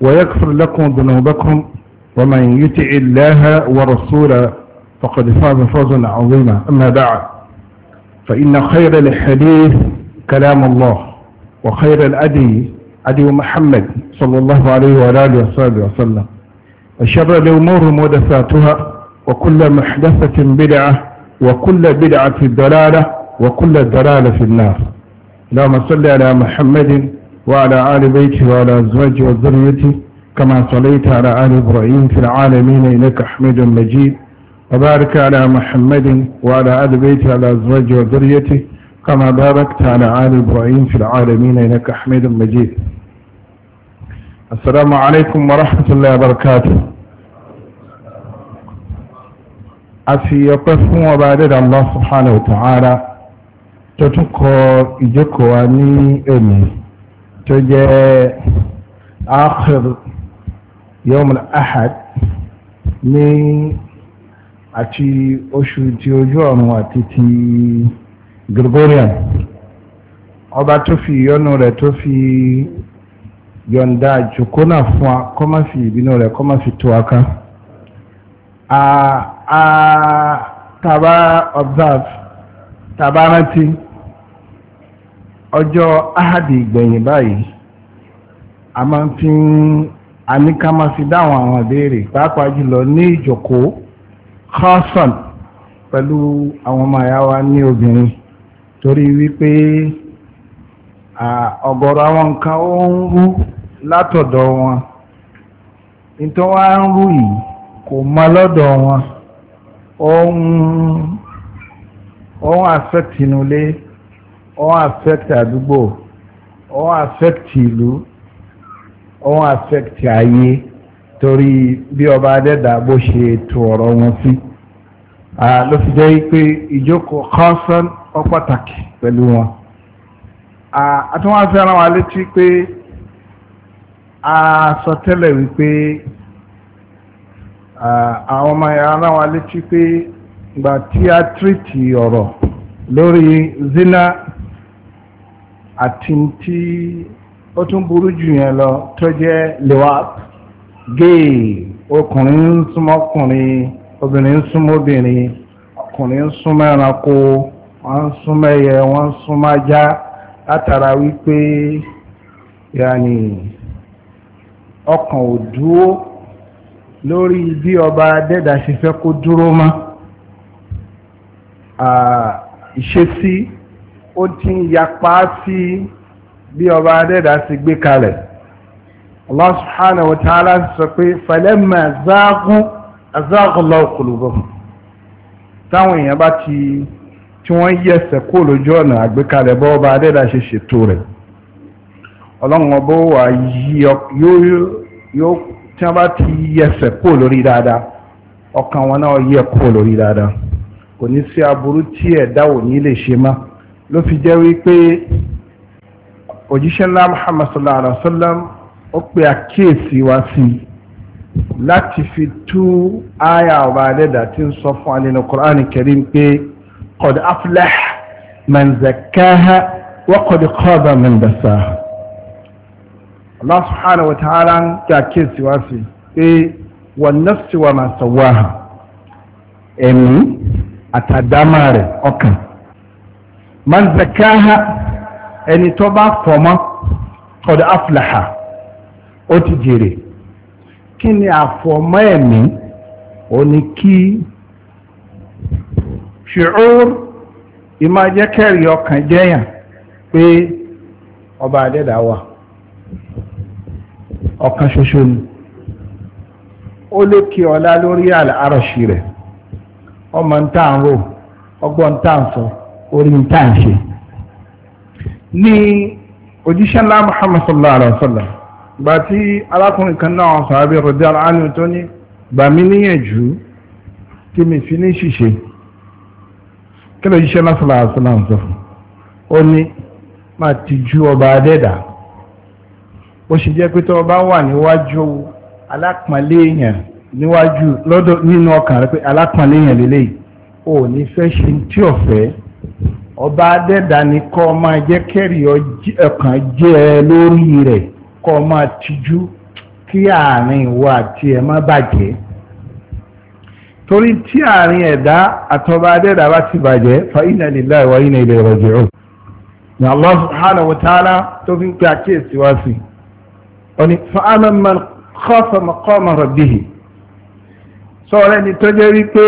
ويغفر لكم ذنوبكم ومن يطع الله ورسوله فقد فاز فوزا عظيما أما بعد فإن خير الحديث كلام الله وخير الأدي أدي محمد صلى الله عليه وآله وصحبه وسلم وشر الأمور محدثاتها وكل محدثة بدعة وكل بدعة ضلالة وكل ضلالة في النار اللهم صل على محمد وعلى آل بيت وعلى أزواج وذريتي كما صليت على آل إبراهيم في العالمين إنك حميد مجيد وبارك على محمد وعلى آل بيت وعلى أزواج وذريتي كما باركت على آل إبراهيم في العالمين إنك حميد مجيد السلام عليكم ورحمة الله وبركاته يقفون وبارد الله سبحانه وتعالى تتقى إجكواني أمي tó jẹ́ akhir yom ahad ní àti oṣù tí ojú ọ̀run àti ti Gregorian ọba tó fi ìyọ́nú rẹ̀ tó fi yọ̀ǹda jòkó náà fún wa kọ́ má fi ìbínú rẹ̀ kọ́ má fi tó wa ká tàbá observe tàbá rántí. ọjọ́ ahadi ìgbẹ̀yìn báyìí a máa fi ń aníkámásí dáhùn àwọn ìbéèrè pàápàá jùlọ ní ìjòkó khasan pẹ̀lú àwọn ọmọ àyà wa ní obìnrin torí wípé ọ̀gọ̀rọ̀ àwọn nǹkan ó ń rú látọ̀dọ̀ wọn nítorí wọ́n á ń rú yìí kò mọ lọ́dọ̀ wọn ó ń affect inú ilé. Ọ affect àdúgbò wọ́n affect ìlú wọ́n ilu ayé torí bí ọba adẹ́dà bó ṣe ọ̀rọ̀ wọn sí ló fi jẹ́ pé ìjókòó kọ́sán pẹ̀lú wọn wa létí pé a sọ tẹ́lẹ̀ wípé àwọn ọmọ ìran wa létí pé ìgbà tí a tírìtì ọ̀rọ̀ lórí zina àti tí ó tún burú jù yẹn lọ tó jẹ́ lewap gay, ọkùnrin ń súnmọ́ ọkùnrin obìnrin ń súnmọ́ obìnrin ọkùnrin ń súnmọ́ ẹranko wọ́n ń súnmọ́ ẹyẹ wọ́n ń súnmọ́ ajá látara wípé yàní ọkàn ò dúró lórí bí ọba adẹ́dà ṣe fẹ́ kó dúró mọ́ ìṣesí. Uh, ó ti ń yapa sí bí ọba adẹ́dà sí gbé kalẹ̀ Allah subhanahu wa ta'ala sọ pé falamma zaagu azaagu Allahu qulubahum táwọn èèyàn bá ti tí wọ́n yẹsẹ̀ kó lójú ọ̀nà àgbékalẹ̀ bọ́ ọba adẹ́dà ṣe ṣètò rẹ̀ ọlọ́run ọbọ̀ wà yóò tí wọ́n bá ti yẹsẹ̀ kó lórí dáadáa ọkàn wọn náà yẹ kó lórí dáadáa kò ní sí aburú tí ẹ̀dá ò ní lè ṣe máa ló fi jẹ́ wípé òjíṣẹ́ ńlá muhammad sallallahu alaihi wa sallam ó pe àkíyèsí wá sí i láti fi tú àyà ọba adẹ́dà tí ń sọ fún alẹ́ ní Qur'an Karim pé qad aflaha man zakkaha wa qad Allah subhanahu wa ta'ala ń pe àkíyèsí wá sí pé wan nafsi wa ma sawaha ẹ̀mí àtàdámà rẹ̀ ọkàn. man zakaha ẹni tó bá fọmọ́ kọ́dọ̀ aflaha ó ti jèrè kí ni àfọmọ́ ẹ̀mí ó ní kí ṣùúr ìmájẹ́kẹ̀rì ọkàn jẹ́yàn pé ọba adẹ́dà wà ọ̀kan ṣoṣo ni ó lékè ọlá lórí àlàárọ̀ṣì rẹ̀ ọmọ ń tàn rò ọgbọ́n ń tàn sọ. So orí níta ń ṣe ní òjíṣẹ́ ńlá muhammad sallallahu alaihi wa sallam gbà tí alákùnrin kan náà wọn sàábì rọdí aláàánú tó ní gbà mí níyànjú kí mi fi ní ṣìṣe kí ló jíṣẹ́ ńlá sallallahu alaihi wa sọ fún ó ní máa ti ju ọba adẹ́dà ó sì jẹ́ pé tó ọba wà níwájú alápọ̀nlé èèyàn níwájú lọ́dọ̀ nínú ọkàn rẹ pé alápọ̀nlé èèyàn lélẹ́yìí ò ní fẹ́ ṣe tí ọ̀fẹ́ ọba adẹ́dà ni kọ́ máa jẹ́ kẹ́rì ọkàn jẹ́ ẹ lórí rẹ̀ kọ́ máa tijú kí àárín ìwọ àti ẹ má bàjẹ́ torí tí àárín ẹ̀dá àtọba adẹ́dà bá ti bàjẹ́ fa inna lillahi wa inna ilayhi raji'un ni Allah subhanahu wa ta'ala tó fi ń pe àkíyèsí wá sí ọ̀nì fa'amma man khafa maqama rabbihi sọ̀rọ̀ ẹni tó jẹ́ wípé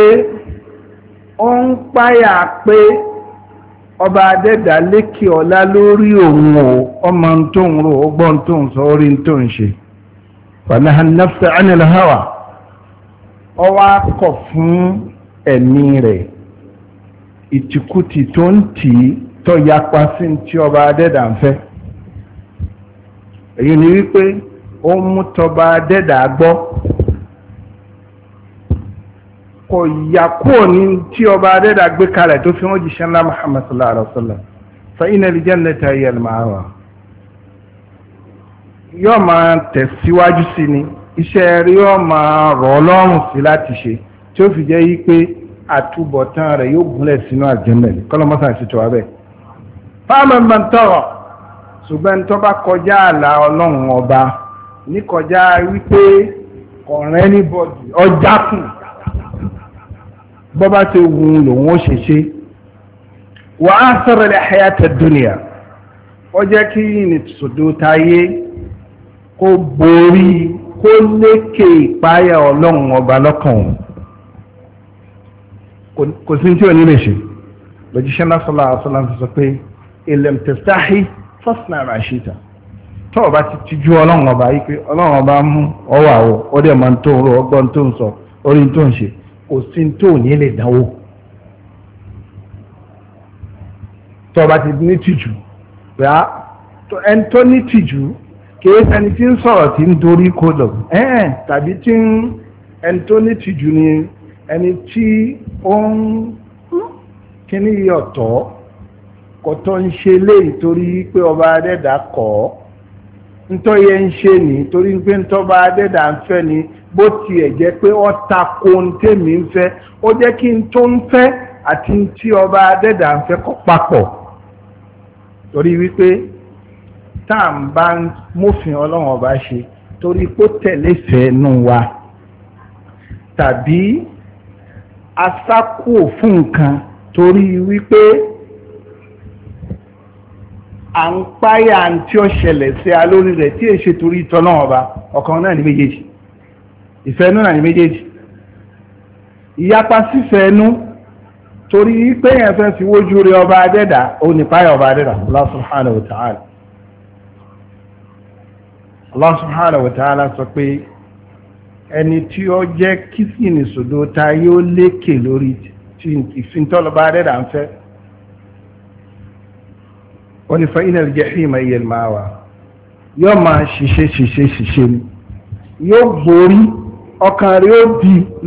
ó ń páyà pé ọba adẹ́dà lékè ọlá lórí òun o ọmọ tó ń ro ọgbọ́n tó ń sọ orí tó ń ṣe fanahan nafsa anil hawa fún ẹ̀mí rẹ̀ ìtìkùtì tó ń tì í tó yapa sí tí ọba adẹ́dà ń fẹ́ èyí ni wípé ó mú tọba adẹ́dà gbọ́ kò yà kúrò ní tí ọba adẹ́dà gbé kalẹ̀ tó fi wọ́n jíṣẹ́ ńlá Muhammad sallallahu alaihi wa sallam fa innal jannata hiya al-ma'wa yóò máa tẹ̀síwájú sí ni iṣẹ́ rí yóò máa rọ̀ ọlọ́run sí láti ṣe tí ó fi jẹ́ yí pé àtúbọ̀tán rẹ̀ yóò gúnlẹ̀ sínú àjẹ́mẹ̀lẹ̀ kọ́lọ́mọ́sà ti tọ́ abẹ́ fáwọn mọ̀ ń tọrọ ṣùgbọ́n tó bá kọjá àlà ọlọ́run ọba ní kọjá wípé ọ̀rẹ́ níbọ̀dì ọjà kùn bọ́bá ti wù lòun ó ṣe ṣe wà á sọ̀rọ̀ lẹ́ hayata dunia ó jẹ́ kí ní sòdó táyé kó borí kó lékè ìpáyà ọlọ́run ọba lọ́kàn òun kò sí tí ò ní lè ṣe lójúṣẹ́ náà sọ́lá àṣọlá ti sọ pé ilẹ̀ tẹ̀sáhì fọ́sùn àrà ṣìta ọba ti tijú ọlọ́run ọba yìí pé ọlọ́run ọba mú ọwọ́ àwọ̀ ó dẹ̀ máa ń tó ń rọ ọgbọ́n tó ń sọ orí tó ń ṣe kò sí tó ní tó ti ní tìjú ẹni tó ní tìjú kìí sẹni tí ń sọ̀rọ̀ tí ń dorí tàbí tí ń ẹni tó ní tìjú ni ẹni tí ó ń hmm, kíní kò tó ń ṣe léyìí torí pé ni. bó tiẹ̀ jẹ́ pé ó ta ko ohun tèmi ń fẹ́ ó jẹ́ kí n tó ń fẹ́ àti tí ọba adẹ́dà ń fẹ́ kó papọ̀ torí wípé tá à ń bá mófin ọlọ́run ọba ṣe torí pé tẹ̀lé fẹ́ nù wa tàbí asákò fún nǹkan torí wípé à ń páyà tí ó ṣẹlẹ̀ sí a lórí rẹ̀ tí èṣe torí ìtọ́nà ọba ọ̀kan náà ní méjèèjì ìfẹ́ na náà ní méjèèjì ìyapa sífẹ́ torí pé yẹn fẹ́ fi wójú rí ọba adẹ́dà ó nípáyà ọba adẹ́dà Allah subhanahu wa ta'ala Allah subhanahu wa ta'ala sọ pé ẹni tí ó jẹ́ kìsìnì sòdó ta yóò lékè lórí tí ìfintọ́lọ́bá ń fẹ́ ó ní fa yóò máa ṣiṣẹ́ ṣiṣẹ́ ọkàn rẹ̀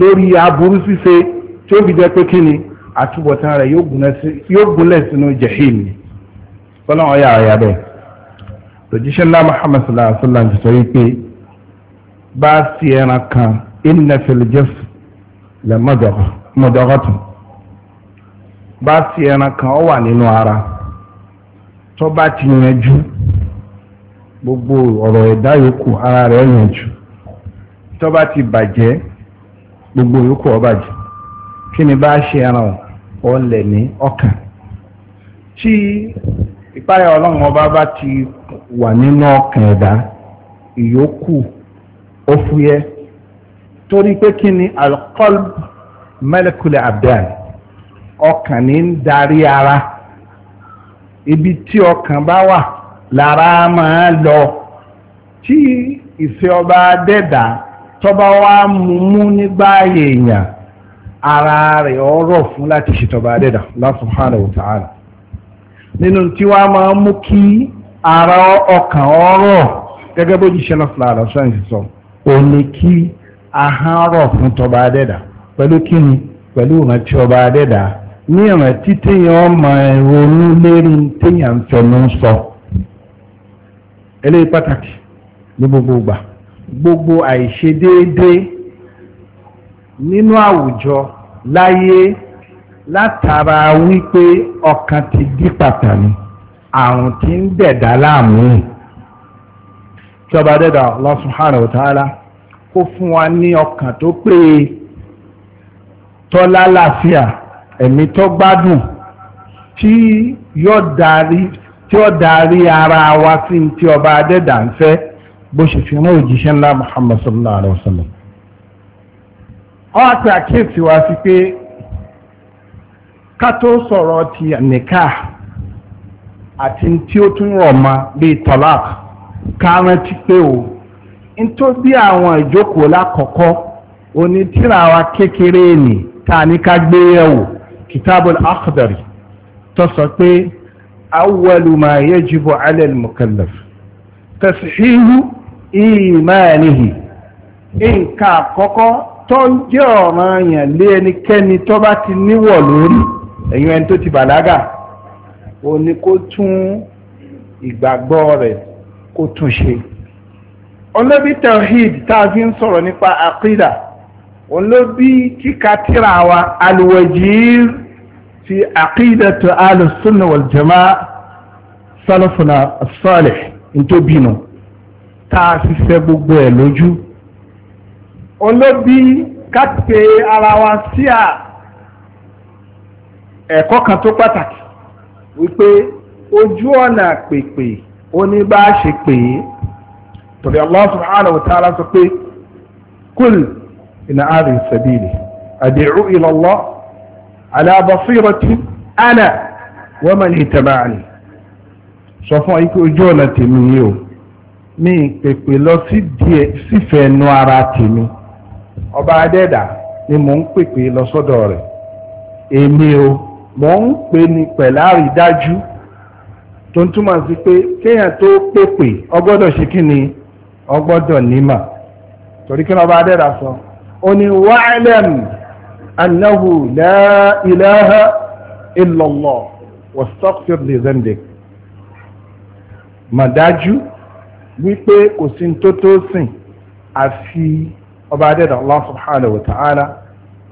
ó di ya aburú ṣíṣe tí ó fi jẹ́ pé kí ni àtúbọ̀tán rẹ̀ yóò gúnlẹ̀ sínú jahim ni fọlọ́n ọ̀yà ọ̀yà bẹ́ẹ̀ lójíṣẹ́ ńlá muhammad sallallahu alaihi wa sallam ti sọ yìí pé bá a ẹran kan inna fil mọ̀dọ́gọ́tù bá a ẹran kan wà ara tó bá ti yanjú gbogbo ọ̀rọ̀ ẹ̀dá tó ti bàjẹ́ gbogbo yòókù ó bàjẹ́ kí ni bá ṣe ẹran òun lẹ̀ ní ọkàn tí ìpáyà ọlọ́run ọba bá ti wà nínú ọkàn ẹ̀dá ìyókù ó torí pé kí ni alqalb malakul abdan ọkàn ní ń darí ara ibi tí ọkàn bá wà lára máa lọ tí ìfẹ́ ọba dẹ́dàá tọba wa mú nígbà èèyàn ara rẹ̀ ọ̀rọ̀ fún láti ṣètọba adẹ́dà Allah subhanahu wa ta'ala nínú tí wá máa mú kí ara ọkàn ọ̀rọ̀ gẹ́gẹ́ bó jíṣẹ́ lọ́sọ̀lá àlọ́sọ̀ ìsìn sọ ò ní kí ahọ́n rọ̀ fún tọba adẹ́dà pẹ̀lú kíni pẹ̀lú ìrántí ọba adẹ́dà ní ìrántí téèyàn máa ronú lérí téèyàn fẹnu sọ eléyìí pàtàkì ní gbogbo ìgbà. gbogbo àìṣedéédé nínú àwùjọ láyé látara wípé ọkàn ti dí pàtàkì àrùn tí ń dẹ̀dá láàmú ìjọba dẹ́dà Allah subhanahu wa ta'ala kó fún wa ní ọkàn tó pé tọ́lá láàfíà ẹ̀mí tó gbádùn tí yóò darí tí ara wa sí ti ọba adẹ́dà ń fẹ́ bó ṣe fi náà òjíṣẹ́ ńlá Muhammad sallallahu alayhi wa sallam ọ́n àti àkíyèsí wa sí pé ká tó sọ̀rọ̀ ti nìka àti tí ó tún rọ̀ ma bíi talaq ká rántí pé o n tó bí àwọn ìjókòó lákọ̀ọ́kọ́ onítìrà wa kékeré nì tá a ká gbé yẹ̀wò kitabul akhdari tó sọ pé awwalu ma yajibu mukallaf tasihihu ìmáàníhì nǹkan àkọ́kọ́ tó ń jẹ́ ọ̀ràn yàn lé ẹnikẹ́ni tó bá ti níwọ̀ lórí ẹ̀yìn ẹni tó ti bàlágà ó ní kó tún ìgbàgbọ́ rẹ̀ kó tún ṣe olóbi tawhid tá a fi ń sọ̀rọ̀ nípa àkídà olóbi kíka tíra wa alwajir fi àkídà tó alùsùnà wal jamaa tá a sì fẹ́ gbogbo ẹ̀ lójú olóbi ká pe ara wa sí à ẹ̀kọ́ kan tó pàtàkì wípé ojú ọ̀nà pèpè oníbàáṣe pè é torí Allah subhanahu wa ta'ala sọ pé kúl ìnà àrùn sabili ad'u ila Allah ala basirati ana wa man sọ fún ayíkú ojú ọ̀nà tèmi yìí o ní ìpèpè lọ sífẹ̀ẹ́ nu ara tèmi ọba adẹ́dà ni mò ń pèpè lọ sọ́dọ̀ rẹ̀ èmi o mò ń pè ní pẹ̀láàrí dájú tó ń túmọ̀ sí pé kéèyàn tó pèpè ọgbọ́dọ̀ ṣe kí ni ọgbọ́dọ̀ nímà torí kí ni ọba adẹ́dà sọ ó ní wa'lam annahu la ilaha illallah wastaghfir li dhanbik mà dájú wípé kò sí tó tó sìn àfi ọba adẹ́dàá Allah subhanahu wa ta'ala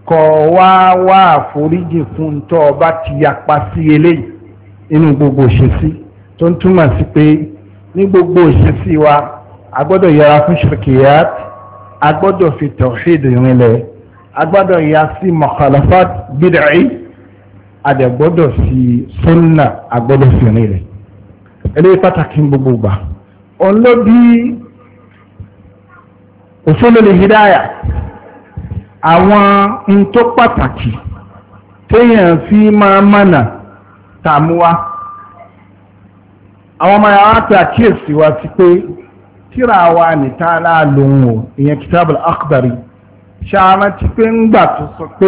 kọ̀ wá wá àforíjì fún tó ọba ti yapa sí eléyìí inú gbogbo òṣèṣì tó ń túmọ̀ sí pé ní gbogbo òṣèṣì wa a gbọ́dọ̀ yẹra fún shirkiyat a gbọ́dọ̀ fi tawhid rinlẹ̀ a gbọ́dọ̀ sí mukhalafat bid'i àdẹ̀gbọ́dọ̀ sí sunna a gbọ́dọ̀ fi rinlẹ̀ eléyìí pàtàkì gbogbo gbà òun ló bí usulul hidaya àwọn in tó pàtàkì téèyàn fi máa mọ̀nà tàmúwá àwọn ọmọ yàrá ti àkíyèsí wa sí pé tíra wa nìta aláàlóhun o ìyẹn kitabul akhdari ṣáàrán ti pé ń gbà tó sọ pé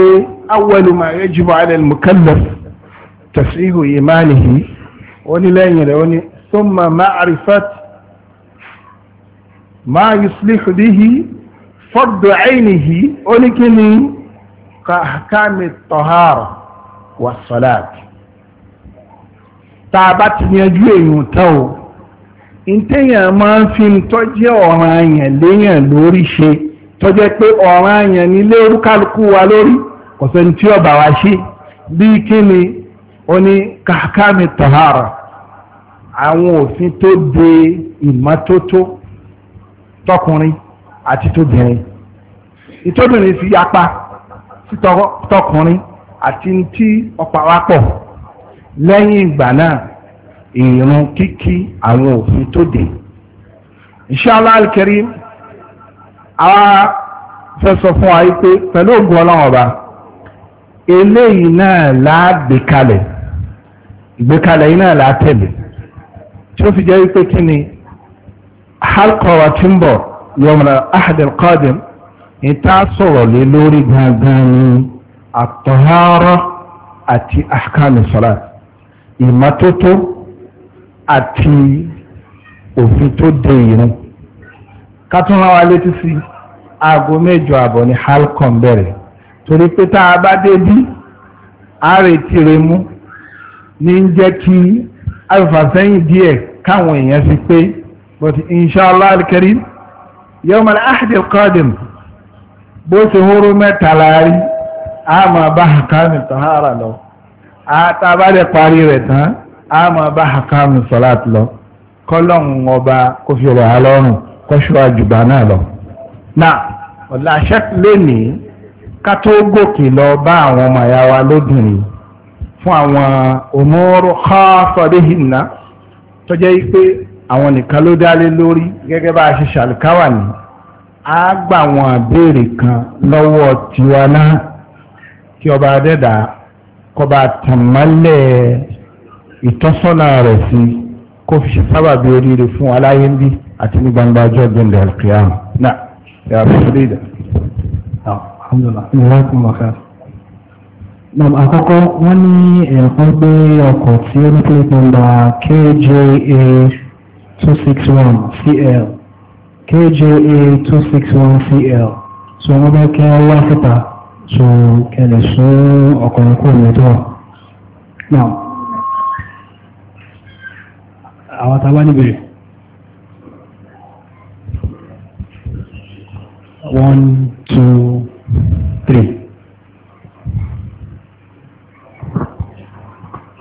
awwalu ma yajibu ala al-mukallaf tasihu imanihi ó ní lẹ́yìn rẹ̀ ó ní thumma ma'rifat ma yuslihu bihi fardu ainihi oníkíní ka ahkami tọ́hárọ̀ wà sọ́láàtì tá a bá ti yanjú èèyàn tán o ìtẹ̀yàn máa ń fi tọ́jú ọ̀ràn àyàn léyàn lórí ṣe tọ́jẹ́ pé ọ̀ràn àyàn ní lérú kálukú wa lórí kò sẹ́ni wa ṣe bíi kíni oní ka ahkami tọ́hárọ̀ àwọn òfin tó de ìmọ́tótó tọkùnrin àti tóbìnrin ìtóbìnrin sì yapa sí tọkùnrin àti tí ọ̀pá wa pọ̀ lẹ́yìn ìgbà náà ìrun kíkí àwọn òfin tó dé inshallah al-karim àwa fẹ́ sọ fún wa pé pẹ̀lú ògùn ọlọ́run ọba eléyìí náà láàgbékalẹ̀ ìgbékalẹ̀ yìí náà láàtẹ̀lẹ̀ tí ó fi jẹ́ wípé kí ni halqa wa tí ń bọ̀ yọmọ̀nà ahadil qadim ìta sọ̀rọ̀ lé lórí gangan ní àtọ̀hárọ̀ àti ahkami salat ìmọ́tótó àti òfin tó dé ìrun kátúnra wa létí sí aago mẹ́jọ àbọ̀ ní halcom bẹ̀rẹ̀ torí pé tá a bá débí àrètí rẹ mú ní jẹ́ kí àfàsẹ́yìn díẹ̀ káwọn èèyàn fi pé but inshallah al-karim yawm al-ahad al-qadim bó ti hóró mẹ́ta láàrí a máa bá hakamu tahara lọ a tàbá lè parí rẹ̀ tán a máa bá hakamu salat lọ kọ́lọ́n ọba kó fi rọ̀ alọ́rùn kọ́ṣọ́ àjùbá náà lọ. na ọ̀la ṣẹ́kù lónìí ká tó gòkè lọ bá àwọn ọmọ wa lóbìnrin fún àwọn òmùrù kọ́ sọ́dẹ́hìnà tó jẹ́ pé àwọn nìkan ló dálé lórí gẹ́gẹ́ bá a ṣe ṣàlùkáwà ní a gbà wọn àbèrè kan lọ́wọ́ tiwa náà kí ọba adẹ́dà kọba tàmálẹ̀ ìtọ́sọ́nà rẹ̀ sí kó fi sábàbí oríire fún aláyé ń bí àti ní gbangba ọjọ́ gbẹ̀ndẹ̀ alkiyam náà ẹ̀ àbúrídà. Nam àkọ́kọ́ wọ́n ní ẹ̀ẹ̀kan gbé ọkọ̀ tí ó ní plate number KJA 261cl kja 261cl so wọ́n bẹ́ kí wọ́n wá síta so kẹlẹ̀ sún ọkùnrin kò ní tọ́ now àwọn tàbá níbèrè one two three.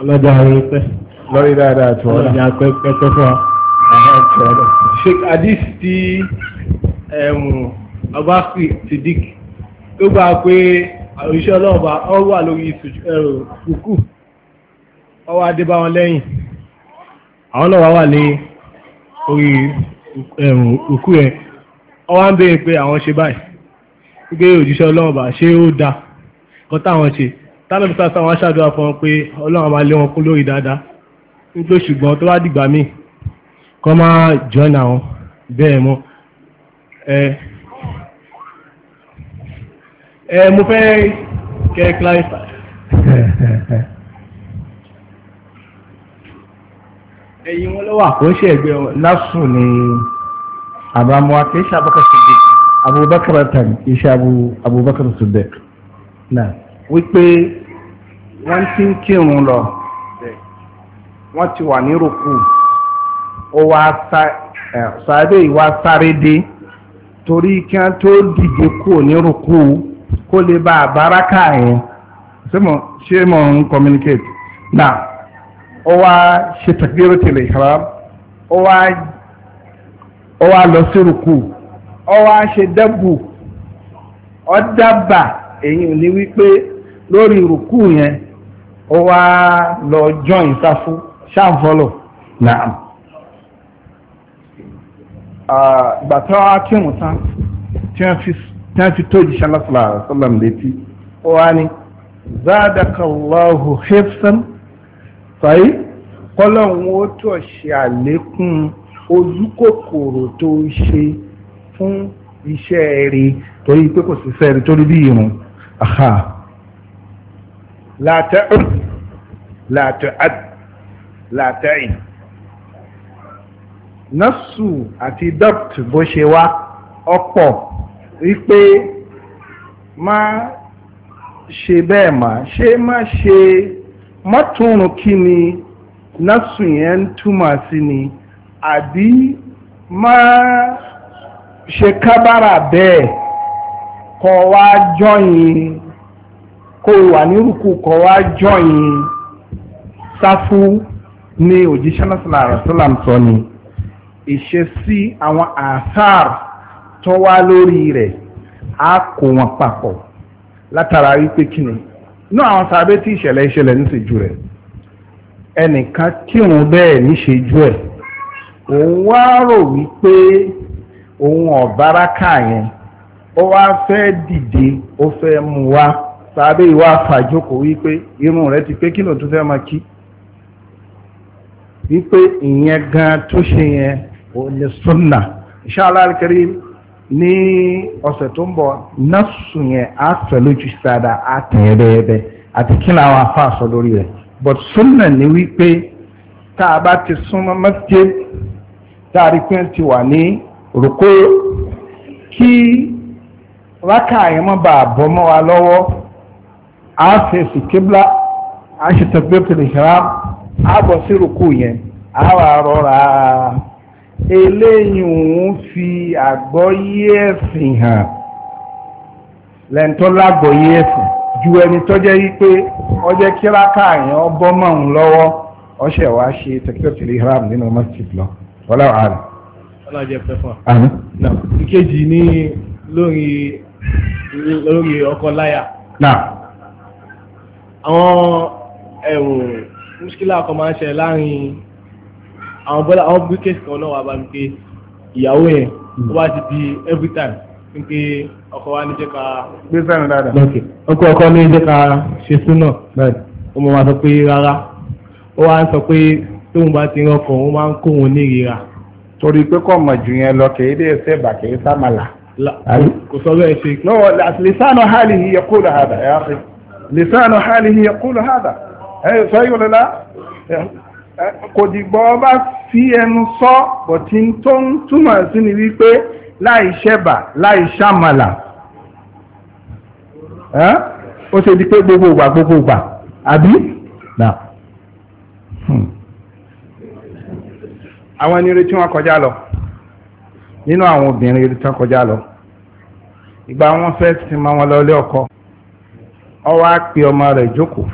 ọlọ́jà orí pẹ́ lórí dáadáa tí wọ́n ní apẹ́ pẹ́ fún wa. Uh-huh. sheikh hadith ti abakri um, sidik tó gbà pé òṣìṣẹ́ ọlọ́ọ̀bá ọ wà lórí ìsùkú um, ọwọ́ adébáwọn lẹ́yìn àwọn náà wà ní orí òkú ẹ̀ ọwọ́ ń bèèrè pé àwọn ṣe báyìí gbé òjíṣẹ́ ọlọ́ọ̀bá ṣé ó da kan táwọn ṣe tánàbí sáwọn aṣáàdúrà fún pé ọlọ́run máa lé wọn kún lórí dáadáa nítorí ṣùgbọ́n tó bá dìgbà míì kọ́ máa jọ́nà wọn bẹ́ẹ̀ mọ́ ẹ mo fẹ́ kẹ́ clarify ẹ̀yìn wọn lọ́wọ́ ni àbámu akéṣà bọ́kà síbi abubakar tan abubakar sudek na wípé wọ́n ti lọ wọ́n ti wà ní ó wá sáré torí kí wọ́n tó dìde kúrò ní rúkú kó lè bá àbáraka yẹn mo ń communicate now ó wá ṣe takbiratul ihram ó ó wá lọ sí rúkú ó wá ṣe dẹ́bù yẹn ó wá lọ jọ sáfù shanfọlọ na. ìgbà tí wọ́n á kírun tán tí wọ́n fi tó ìjíṣẹ́ lọ́sọ̀lá sọ́lọ́m létí ó wá ní zadakallahu hifsan sọ́yí kọ́lọ́hún ó tọ̀ ṣe àlékún ojú kòkòrò tó ṣe fún iṣẹ́ rí torí pé kò sí fẹ́ rí torí bí irun aha látẹ́ látẹ́ látẹ́ nọ́ọ̀sù àti dọ́pt bó ṣe wá ọ̀pọ̀ wípé má ṣe bẹ́ẹ̀ mà ṣé má ṣe mọ́tòrún kí ni nọ́ọ̀sù yẹn ń túmọ̀ sí ni àbí má ṣe kábàrà bẹ́ẹ̀ kọ́ wá jọyìn kó wà ní kọ́ wá jọyìn sáfù ni òjíṣẹ́ náà sọ̀rọ̀ àrùn sọ́là ń sọ ni ìṣesí àwọn àṣàr tó wá lórí rẹ̀ á kó wọn papọ̀ látara wípé kí ni náà àwọn sàbẹ́ tí ìṣẹ̀lẹ̀ ìṣẹ̀lẹ̀ ní ṣèjú rẹ̀ ẹnìkan kírun bẹ́ẹ̀ níṣejú ẹ̀ òun wá rò wípé òun ọ̀báraká yẹn ó wá fẹ́ dìde ó fẹ́ mú wá sàbẹ́ ìwà fàjókòó wípé irun rẹ̀ ti pé kí ló tún fẹ́ máa kí wípé ìyẹn gan tó ṣe yẹn O ni sunna inshallah al-karim ní ọ̀sẹ̀ tó ń bọ̀ nọ́ọ̀sù yẹn á tẹ̀lójú sáadà á tẹ̀yẹ́ bẹ́ẹ̀bẹ́ àti kí làwọn afa sọ lórí rẹ̀ but sunna ni wípé tá a bá ti súnmọ́ masjid tá a rí pé ti wà ní rúkó kí rákà yẹn má bàa bọ́ mọ́ wa lọ́wọ́ á fèsì kébìlà á ṣe tẹ̀gbẹ́ pèlè ìhìrá á bọ̀ sí rúkó yẹn á wà rọra eléyìn òun fi àgbọ́yé ẹ̀sìn hàn lẹ́ntọ́ lágbọ́yé ẹ̀sìn ju ẹni tó jẹ́ wípé ọjẹ́ kíráká àyàn ọbọ́mọ̀ ń lọ́wọ́ ọṣẹ́ wa ṣe tẹ̀kítọ́tìlì haram nínú masjid lọ wọ́lá ààrẹ. ọlọ́jẹ́ pẹ́fọ́. ìkejì ní lórí lórí ọkọ láyà. àwọn ẹ̀wọ̀n muskila kan máa ń ṣe láàrin àwọn bọ́lá àwọn bíkẹ́sì kan náà wà bá mi pé ìyàwó yẹn ó bá ti di every time pé ọkọ wa ní jẹ́ ká. gbé ọkọ ní jẹ́ ká ṣe súnà ó mọ̀ wá sọ pé rárá ó wá ń sọ pé bá ti rán ọkọ̀ òun máa ń kó òun ní ìrira. torí pé kò mọ̀ jù yẹn lọ kì í dé ẹsẹ̀ bà kì í sàmàlà. kò sọ bẹ́ẹ̀ eh, sọ yóò lọ kò dìgbọ́ ọba fi ẹnu sọ bọ̀tí tó ń túmọ̀ sí ni wípé láì ṣẹ̀bà láì ṣàmàlà ó ṣe di pé gbogbo ìgbà gbogbo ìgbà àbí nà hmm. àwọn ẹni retí wọn kọjá lọ nínú àwọn obìnrin retí wọn kọjá lọ ìgbà wọn fẹ́ sin ma wọn lọ ilé ọkọ ọwọ́ á pe ọmọ rẹ̀ jókòó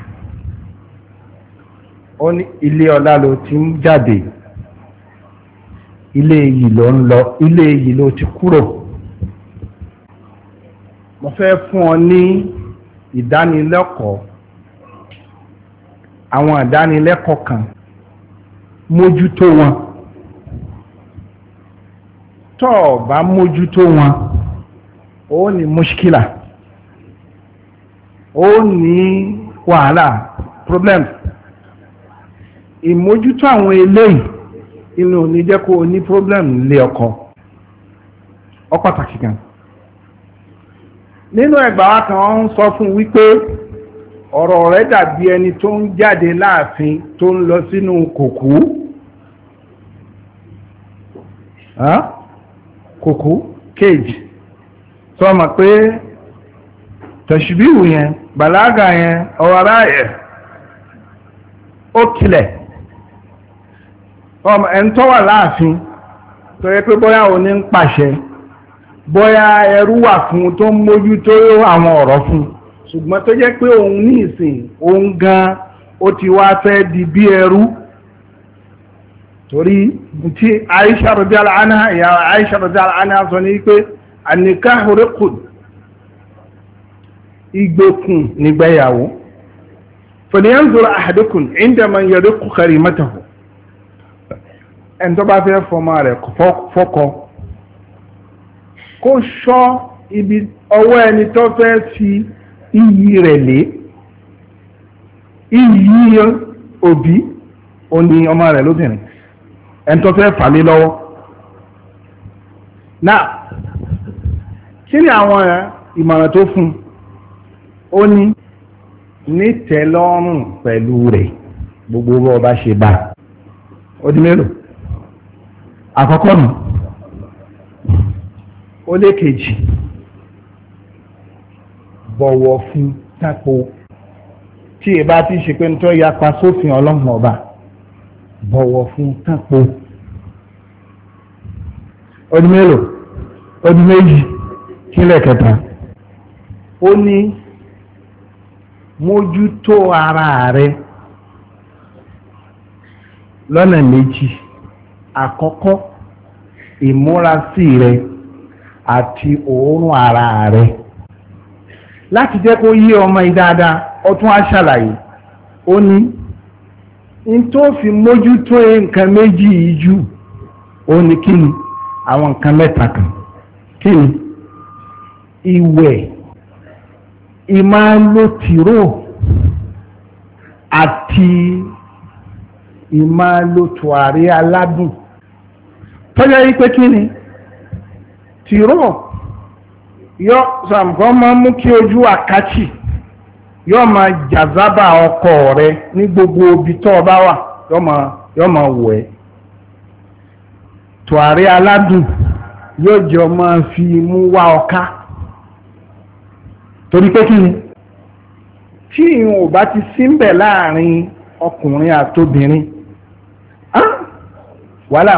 oni ní ilé ọlá ló ti ń jáde ilé èyí ló ń lọ ilé èyí ló ti kúrò mo fẹ́ fún ọ ní ìdánilẹ́kọ̀ọ́ àwọn ìdánilẹ́kọ̀ọ́ kan mójútó wọn tọ́ ọ bá mójútó wọn ó ní mushkila ó ní wàhálà problems ìmójútó àwọn eléyìí inú òní jẹ́ kó o ní problem lé ọkọ ọ pàtàkì gan nínú ẹgbà wa kan ń sọ fún wípé ọ̀rọ̀ rẹ̀ dàbí ẹni tó ń jáde láàfin tó ń lọ sínú kòkó kòkó cage sọ ma pé tẹ̀síbíwù yẹn bàlágà yẹn ọmọ ẹni laafin wà láàfin tó yẹ pé bóyá òní ń pàṣẹ bóyá ẹrú wà fún tó ń mójútó àwọn ọ̀rọ̀ fún ṣùgbọ́n tó jẹ́ pé òun ní ìsìn òun gan ó ti wá fẹ́ di bí ẹrú torí tí Aisha radial anha ìyá Aisha radial anha sọ ní pé àníká horekun ìgbèkùn nígbẹ̀yàwó fẹ̀lẹ́yàn zọrọ̀ àhàdékùn ìndẹ̀mọ̀ yẹ̀rẹ́kù kàrí mẹ́tàkùn ẹni tó bá fẹ́ fọmọ rẹ̀ fọkọ kó ṣọ́ ibi ọwọ́ ẹni tó fẹ́ fi iyì rẹ̀ lé iyì òbí ó ní ọmọ rẹ̀ lóbìnrin ẹni tó fẹ́ fà lé lọ́wọ́ náà kí ni àwọn ìmọ̀ràn tó fún ó ní nítẹ́lọ́rùn pẹ̀lú rẹ̀ gbogbo ọba ṣe bá ó mélòó àkọ́kọ́ nù ó lé kejì bọ̀wọ̀ fún tako tí ẹ bá ti ṣe pé nítorí yapa sófin ọlọ́run ọba bọ̀wọ̀ fún tako ọdún mélòó ọdún méjì kílẹ̀ kẹta ó ní mójútó ara rẹ lọ́nà méjì àkọ́kọ́ ìmúrasí rẹ àti òórùn ara rẹ láti jẹ́ kó yé ọmọ yìí dáadáa ó tún á ṣàlàyé ó ní n tó fi mójútó nǹkan méjì yìí jù ó ní kí ni àwọn nǹkan mẹ́ta kan kí ni ìwẹ̀ ìmáàlótìró àti ìmáàlótùwárí aládùn. tọjọ yí pé kí ni tìrọ̀ yọ sàmùkọ́ máa mú kí ojú àkáchì yọ máa jàzábà ọkọ rẹ ní gbogbo ibi tó o wà yọ máa wọ̀ ẹ́ aládùn yóò jọ máa fi mú wá ọká torí pé kí tí ìhun ò bá ti símbẹ̀ láàrin ọkùnrin wàhálà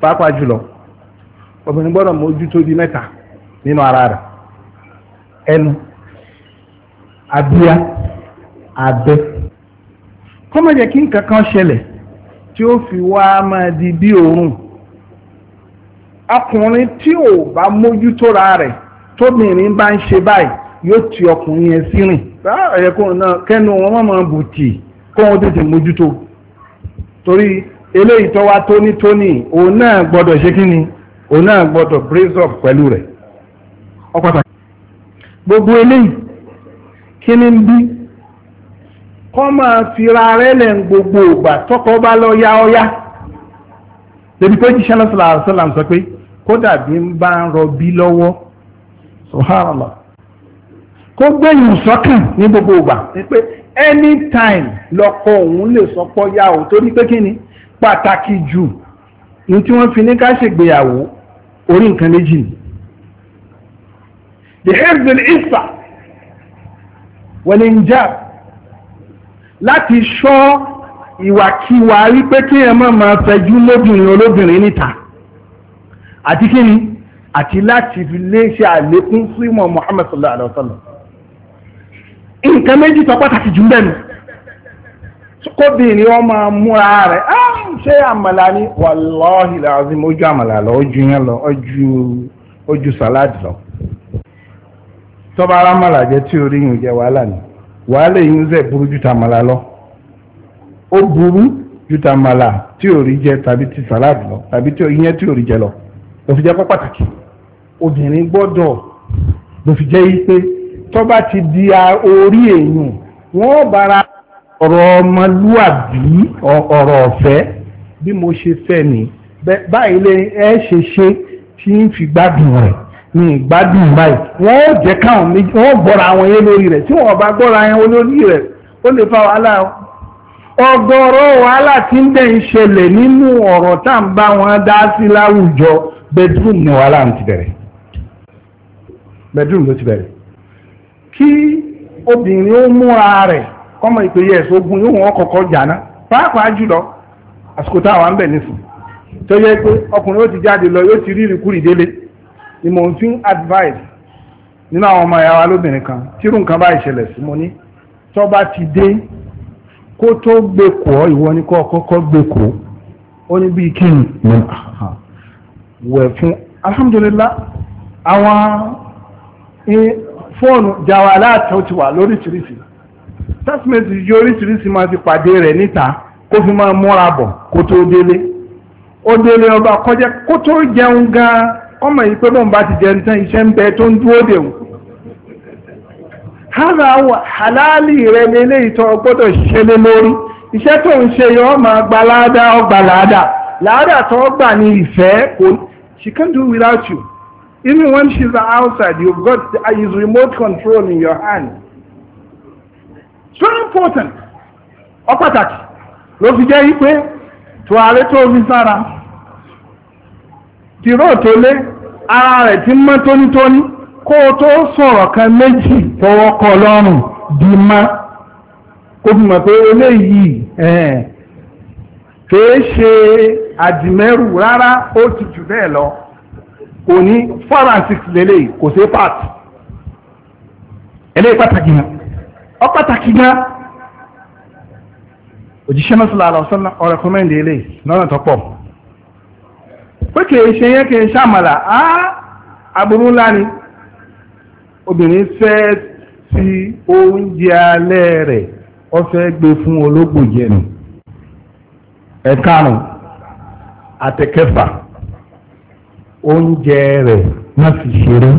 pàápàá jùlọ obìnrin gbọ́dọ̀ mójútó di mẹ́ta nínú ara rẹ̀ ẹnu abíyá abẹ́ kọ́mọ̀ jẹ́ kí nǹkan kan ṣẹlẹ̀ tí ó fi wá máa di bí òórùn ọkùnrin tí ò bá mójútó ra rẹ̀ tóbìnrin bá ń ṣe báyìí yóò ti ọkùnrin yẹn sí rìn ẹ̀yẹ kóun náà kẹ́nu wọn máa bù tì kóun tètè mójútó torí eléyìí tó tónítóní òun náà gbọ́dọ̀ ṣe kí ni òun náà gbọ́dọ̀ brace up pẹ̀lú rẹ̀ ọpàtàkì gbogbo eléyìí kí ni bí kọ́ máa fira rẹ̀ lẹ̀ ń gbogbo ògbà ya bá lọ yá ọyá débi pé jíṣẹ́ sọ pé ń bá ń lọ́wọ́ kó gbẹ̀yìn sọ́kàn ní gbogbo ògbà ni pé anytime lọkọ òun lè yá o torí pé kí pàtàkì jù ní tí wọ́n fi ní ká ṣègbéyàwó orí nǹkan méjì ni the hezbollah isa wẹ̀lẹ̀njá láti ṣọ́ ìwàkiwà wípé kí ẹ má máa fẹjú lóbìnrin olóbìnrin níta àti kí ni àti láti fi lè ṣe àlékún sí mọ̀ Muhammad sallallahu alaihi wasallam nǹkan méjì tó pàtàkì jù bẹ́ẹ̀ ni kóbìnrin wọn máa rẹ̀ á ah, ṣé àmàlà ni wàlọ́ọ̀hì làzim ojú àmàlà lọ ojú yẹn lọ ojú ojú sàláàdì lọ tọ́ba arámàlà jẹ́ tí orí yìí jẹ́ wàhálà ni wàhálà yìí ń zẹ̀ burú ju tàmàlà lọ ó burú ju tàmàlà tí orí jẹ́ tàbí ti sàláàdì lọ tàbí tí ìyẹn tí orí jẹ́ lọ ló fi jẹ́ pọ́ pàtàkì obìnrin gbọ́dọ̀ ló jẹ́ yí pé tọ́ba ti di orí èèyàn wọ́n bára ọ̀rọ̀ ọmọlúwàbí ọ̀rọ̀ ọ̀fẹ́ bí mo ṣe fẹ́ ni báyìí lè ẹ ṣe ṣe tí ń fi gbádùn rẹ̀ ní ìgbádùn báyìí wọ́n ó jẹ́ káwọn méjì wọ́n gbọ́ra àwọn yẹn lórí rẹ̀ tí wọ́n bá gbọ́ra yẹn olórí rẹ̀ ó lè fa wàhálà ọ̀gọ̀rọ̀ wàhálà tí ń dẹ̀ ń nínú ọ̀rọ̀ tá à ń bá wọn dá sí láwùjọ bedroom wàhálà ti kí obìnrin múra rẹ̀ kọ́mọ ìpè àsìkò táwa ń bẹ̀ nísìn tó yẹ pé ọkùnrin ó ti jáde lọ yóò ti rí ìrìkúrì délé ni mò ń fi advice nínú àwọn ọmọ ìyá wa lóbìnrin kan tírú nǹkan bá ìṣẹ̀lẹ̀ sí mo ní tó ti dé kó tó gbé kọ́ ìwọ ni kó kọ́kọ́ gbé kọ́ ó ní bíi kí ni wẹ̀ fún alhamdulillah àwọn fóònù jàwá aláàtọ̀ ti wà lóríṣiríṣi tásímẹ́tì yóò oríṣiríṣi máa ti pàdé rẹ̀ níta kó fi máa múra bọ̀ kó tó délé ó délé ọba kọjá kó tó jẹun gan ọmọ yìí pé bọ́n bá ti jẹun tán iṣẹ́ ń bẹ tó ń dúró dè wò hàrà halálì rẹ lélẹ́yìí tó gbọ́dọ̀ ṣiṣẹ́ lé lórí iṣẹ́ tó ń ṣe yọ ọmọ gbalada ọgbà ife làádà tó gbà ní ìfẹ́ kò she can't do without you even when she's outside you've got his remote control in your hand so important ọ pàtàkì ló fi jẹ́ wípé tùwàrí tó fi sára tìró tó lé ara rẹ̀ ti mọ́ tónítóní kó tó sọ̀rọ̀ kan méjì tọwọ́ kọ lọ́rùn di mọ́ kó fi mọ̀ pé eléyìí kìí ṣe àdìmẹ́rù rárá ó ti jù bẹ́ẹ̀ lọ kò ní four and six lélẹ̀ kò sí pàtàkì gan ọ pàtàkì gan òjíṣẹ́ mọ́sílá àlọ́sọ́nà ọ̀rẹ́ kọ́mẹ́ndì ilé lọ́nà tó pọ̀ pé kìí ṣe yẹ́ kìí ṣàmàlà á aburú ńlá ni obìnrin fẹ́ fi oúnjẹ alẹ́ rẹ̀ ó fẹ́ gbé fún ológbò jẹ ni ẹ̀karùn àtẹ̀kẹfà oúnjẹ rẹ̀ má fi ṣeré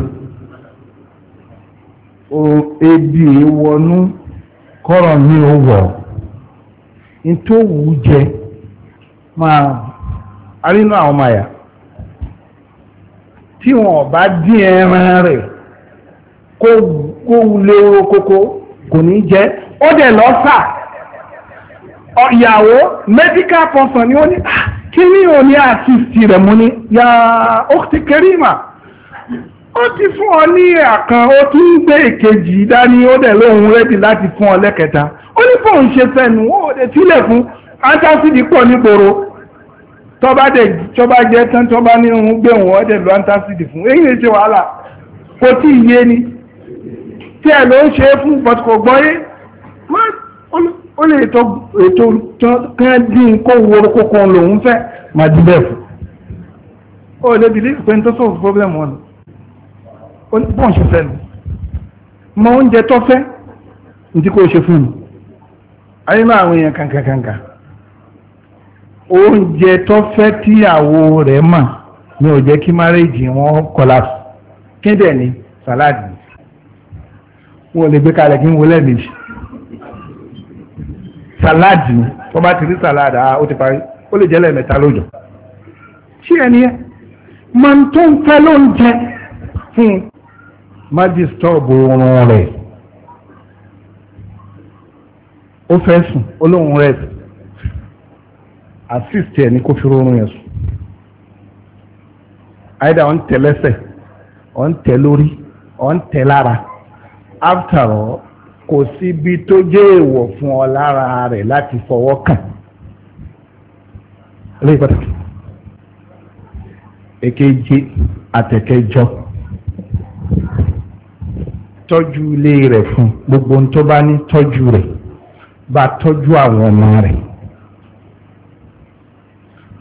ebi wọnú kọ́rọ̀ ní owó n tó wù ú jẹ máa arínú àwọn ọmọ àyà tí wọn bá dín ẹran rẹ̀ kó wulé kókó kò ní jẹ ó dẹ̀ lọ sà ìyàwó medical person ni ó ní ah, kí ni òní àti ìsì rẹ̀ mú ni yàá ó ti kéré mà ó ti fún ọ ní àkàn ó tún ń gbé ìkejì dání ó dẹ̀ lóhun rẹ́dì láti fún ọ lẹ́kẹta ó ní fóun ṣe fẹnu ó dẹ̀ sílẹ̀ fún antacidi pọ̀ nígboro tọ́ba dẹ̀ tọ́ba jẹ́ tán tọ́ba ní òun gbé òun ó dẹ̀ lọ antacidi fún èyí lè ṣe wàhálà kò tí ì yé ni tí ẹ̀ ló ń ṣe é fún but kò gbọ́ yé ó lè tó ètò kan dín kó wo kókó lòun fẹ́ màdìbẹ̀ fún ó lè bìlí pé n tó bọ́ọ̀ ṣe fẹ́ nu mọ oúnjẹ tó fẹ́ ní tí kò ṣe fún mi ayé máa àwọn èèyàn kankankankan oúnjẹ tó fẹ́ tíyàwó rẹ̀ mà ni ò jẹ́ kí márèèjì wọn kọlá kéde ní sàláàdì wọn lè gbé kalẹ̀ kí n wọlé mi sàláàdì ni wọ́n bá ti rí sàláàdì ah ó ti parí ó lè jẹ́ lẹ́ẹ̀mẹ́ta lójọ́ ṣé ẹni yẹn máa tó ń fẹ́ lóúnjẹ fún un má dìstọ́ọ̀bù oorun rẹ̀ ó fẹ́ sùn ó lóun rẹ̀ assist ẹ̀ ní kó fi oorun yẹn sùn either ọ̀ tẹ̀ lẹ́sẹ̀ ọ̀ tẹ̀ lórí ọ̀ tẹ̀ lára after all kò síbi tó jẹ́ èèwọ̀ fún ọ lára rẹ̀ láti fọwọ́ kàn lórí pàtàkì èkejì àtẹ̀kẹjọ. tọ́jú ilé rẹ̀ fún gbogbo ohun tó bá ní tọ́jú rẹ̀ bá tọ́jú àwọn ọmọ rẹ̀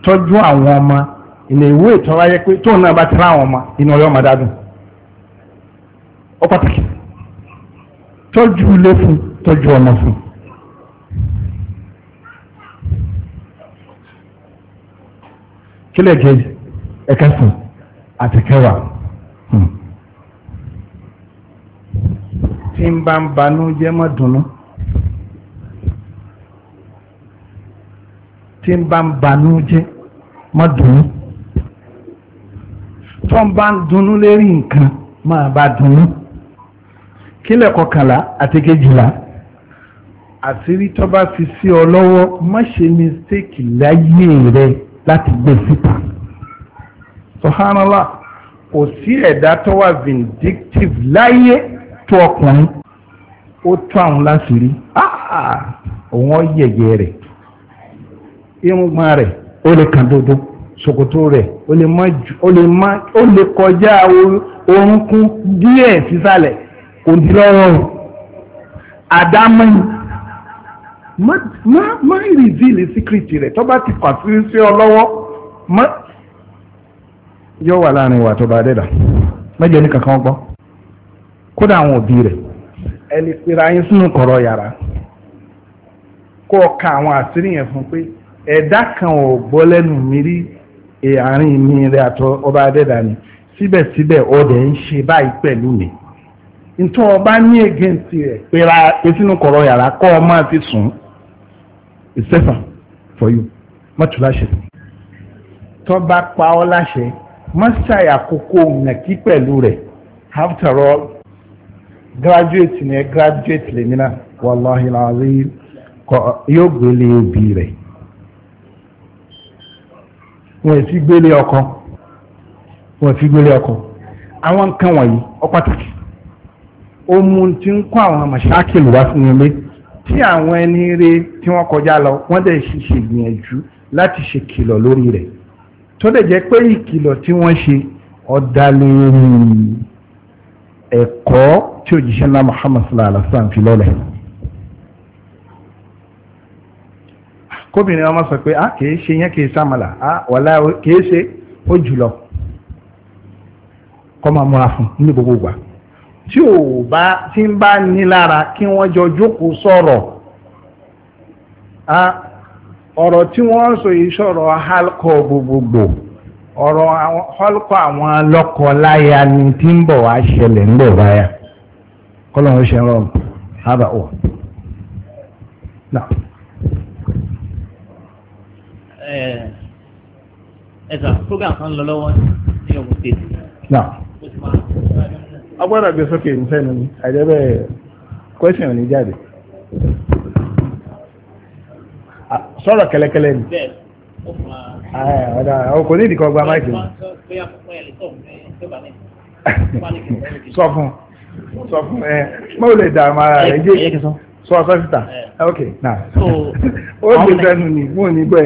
tọ́jú àwọn ọmọ ilé ìwé ìtọ́wá yẹ pé tóun náà bá tẹ́lá àwọn ọmọ inú ọyọ́ ọmọ dádùn ó pàtàkì tọ́jú ilé fún tọ́jú ọmọ fún. kílẹ̀ kejì ẹ̀kẹ́sùn àti kẹwàá. Hmm. tí ń bá ń banú jẹ́ má dùnnú tí ń bá ń banú jẹ́ má dùnnú tó ń bá ń dunnú lérí nǹkan máa bá dunnú kílẹ̀ kọkànlá àti kejìlá àṣírí tó bá fi sí ọ lọ́wọ́ má ṣe mistake láyé rẹ láti gbé síta subhanallah kò sí ẹ̀dá tó wà vindictive láyé tó ọkùnrin ó tó àwọn láṣìírí ah, ah, òun ọ yẹ̀yẹ̀ rẹ̀ irùngbọ̀n rẹ̀ ó lè kàn dodo ṣòkòtò rẹ̀ ó lè má ó lè kọjá orúnkún díẹ̀ sísàlẹ̀ kò di lọ́rọ̀ àdámẹ́yìn má rìvíìlì síkírìtì rẹ̀ tó bá ti pàṣírí sí ọ lọ́wọ́ yóò wà láàrin ìwà tó bá dẹ́dà mẹ́jẹ ní kankan gbọ́n. kódà àwọn òbí rẹ̀ ẹni pera yín sínú kọ̀rọ̀ yàrá kó o ka àwọn àṣírí yẹn fún pé ẹ̀dá kan ò gbọ́ lẹ́nu mi rí àárín mi rẹ̀ ọba adẹ́dà ni síbẹ̀síbẹ̀ ọdẹ̀ ń ṣe báyìí pẹ̀lú mi ntọ́ ọba ní egéǹtì rẹ̀ pera sínú kọ̀rọ̀ yàrá kọ́ máa fi sùn for you mọ́tò láṣẹ tọ́ba pa ọ́ láṣẹ mọ́ṣáyà kókó nàkí pẹ̀lú rẹ̀ after all graduate ni ẹ graduate lèmi náà wàláhi làzí yóò gbélé òbí rẹ̀ wọ́n ti gbélé ọkọ wọ́n ti gbélé ọkọ àwọn nǹkan wọ̀nyí ó pàtàkì ó mú ti ń kọ́ àwọn mọ̀ṣáàkìlù wá fún ilé tí àwọn ẹni rẹ̀ tí wọ́n kọjá lọ wọ́n dẹ̀ ṣe ṣègbìyànjú láti ṣe kìlọ̀ lórí rẹ̀ tó dẹ̀ jẹ́ pé ìkìlọ̀ tí wọ́n ṣe ọ̀dà lórí ẹ̀kọ́ tí o ńlá Muhammad sallallahu alaihi wa sallam fi lọ́lẹ̀ kóbìnrin ọmọ sọ pé ah, kìí ṣe yẹn kìí sàmàlà ah wàlá kìí ṣe ó jùlọ kọ́ máa fún ní gbogbo ìgbà tí ò bá tí ń bá ní lára kí wọ́n jọ jókòó sọ̀rọ̀ ah ọ̀rọ̀ tí wọ́n sọ yìí sọ̀rọ̀ halkọ gbogbogbò. ọ̀rọ̀ ọlọ́kọ̀ àwọn lọ́kọláya ni tí ń bọ̀ wá ṣẹlẹ̀ ń bọ̀ báyà kọ́lọ̀ ń ṣe rọrùn hábà ọ̀. program State. gbé sókè ń fẹ́nu ni àìdẹ́bẹ̀ question ní jáde sọ̀rọ̀ ni. ọ̀dà ọkọ̀ ní ìdíkọ̀ gba máìkì sọ fún sọ fún ẹ mọ́ lè dà mara rẹ̀ jẹ́ sọ ọ̀sọ́ ok na ó lè fẹ́nu ni mò ní gbẹ́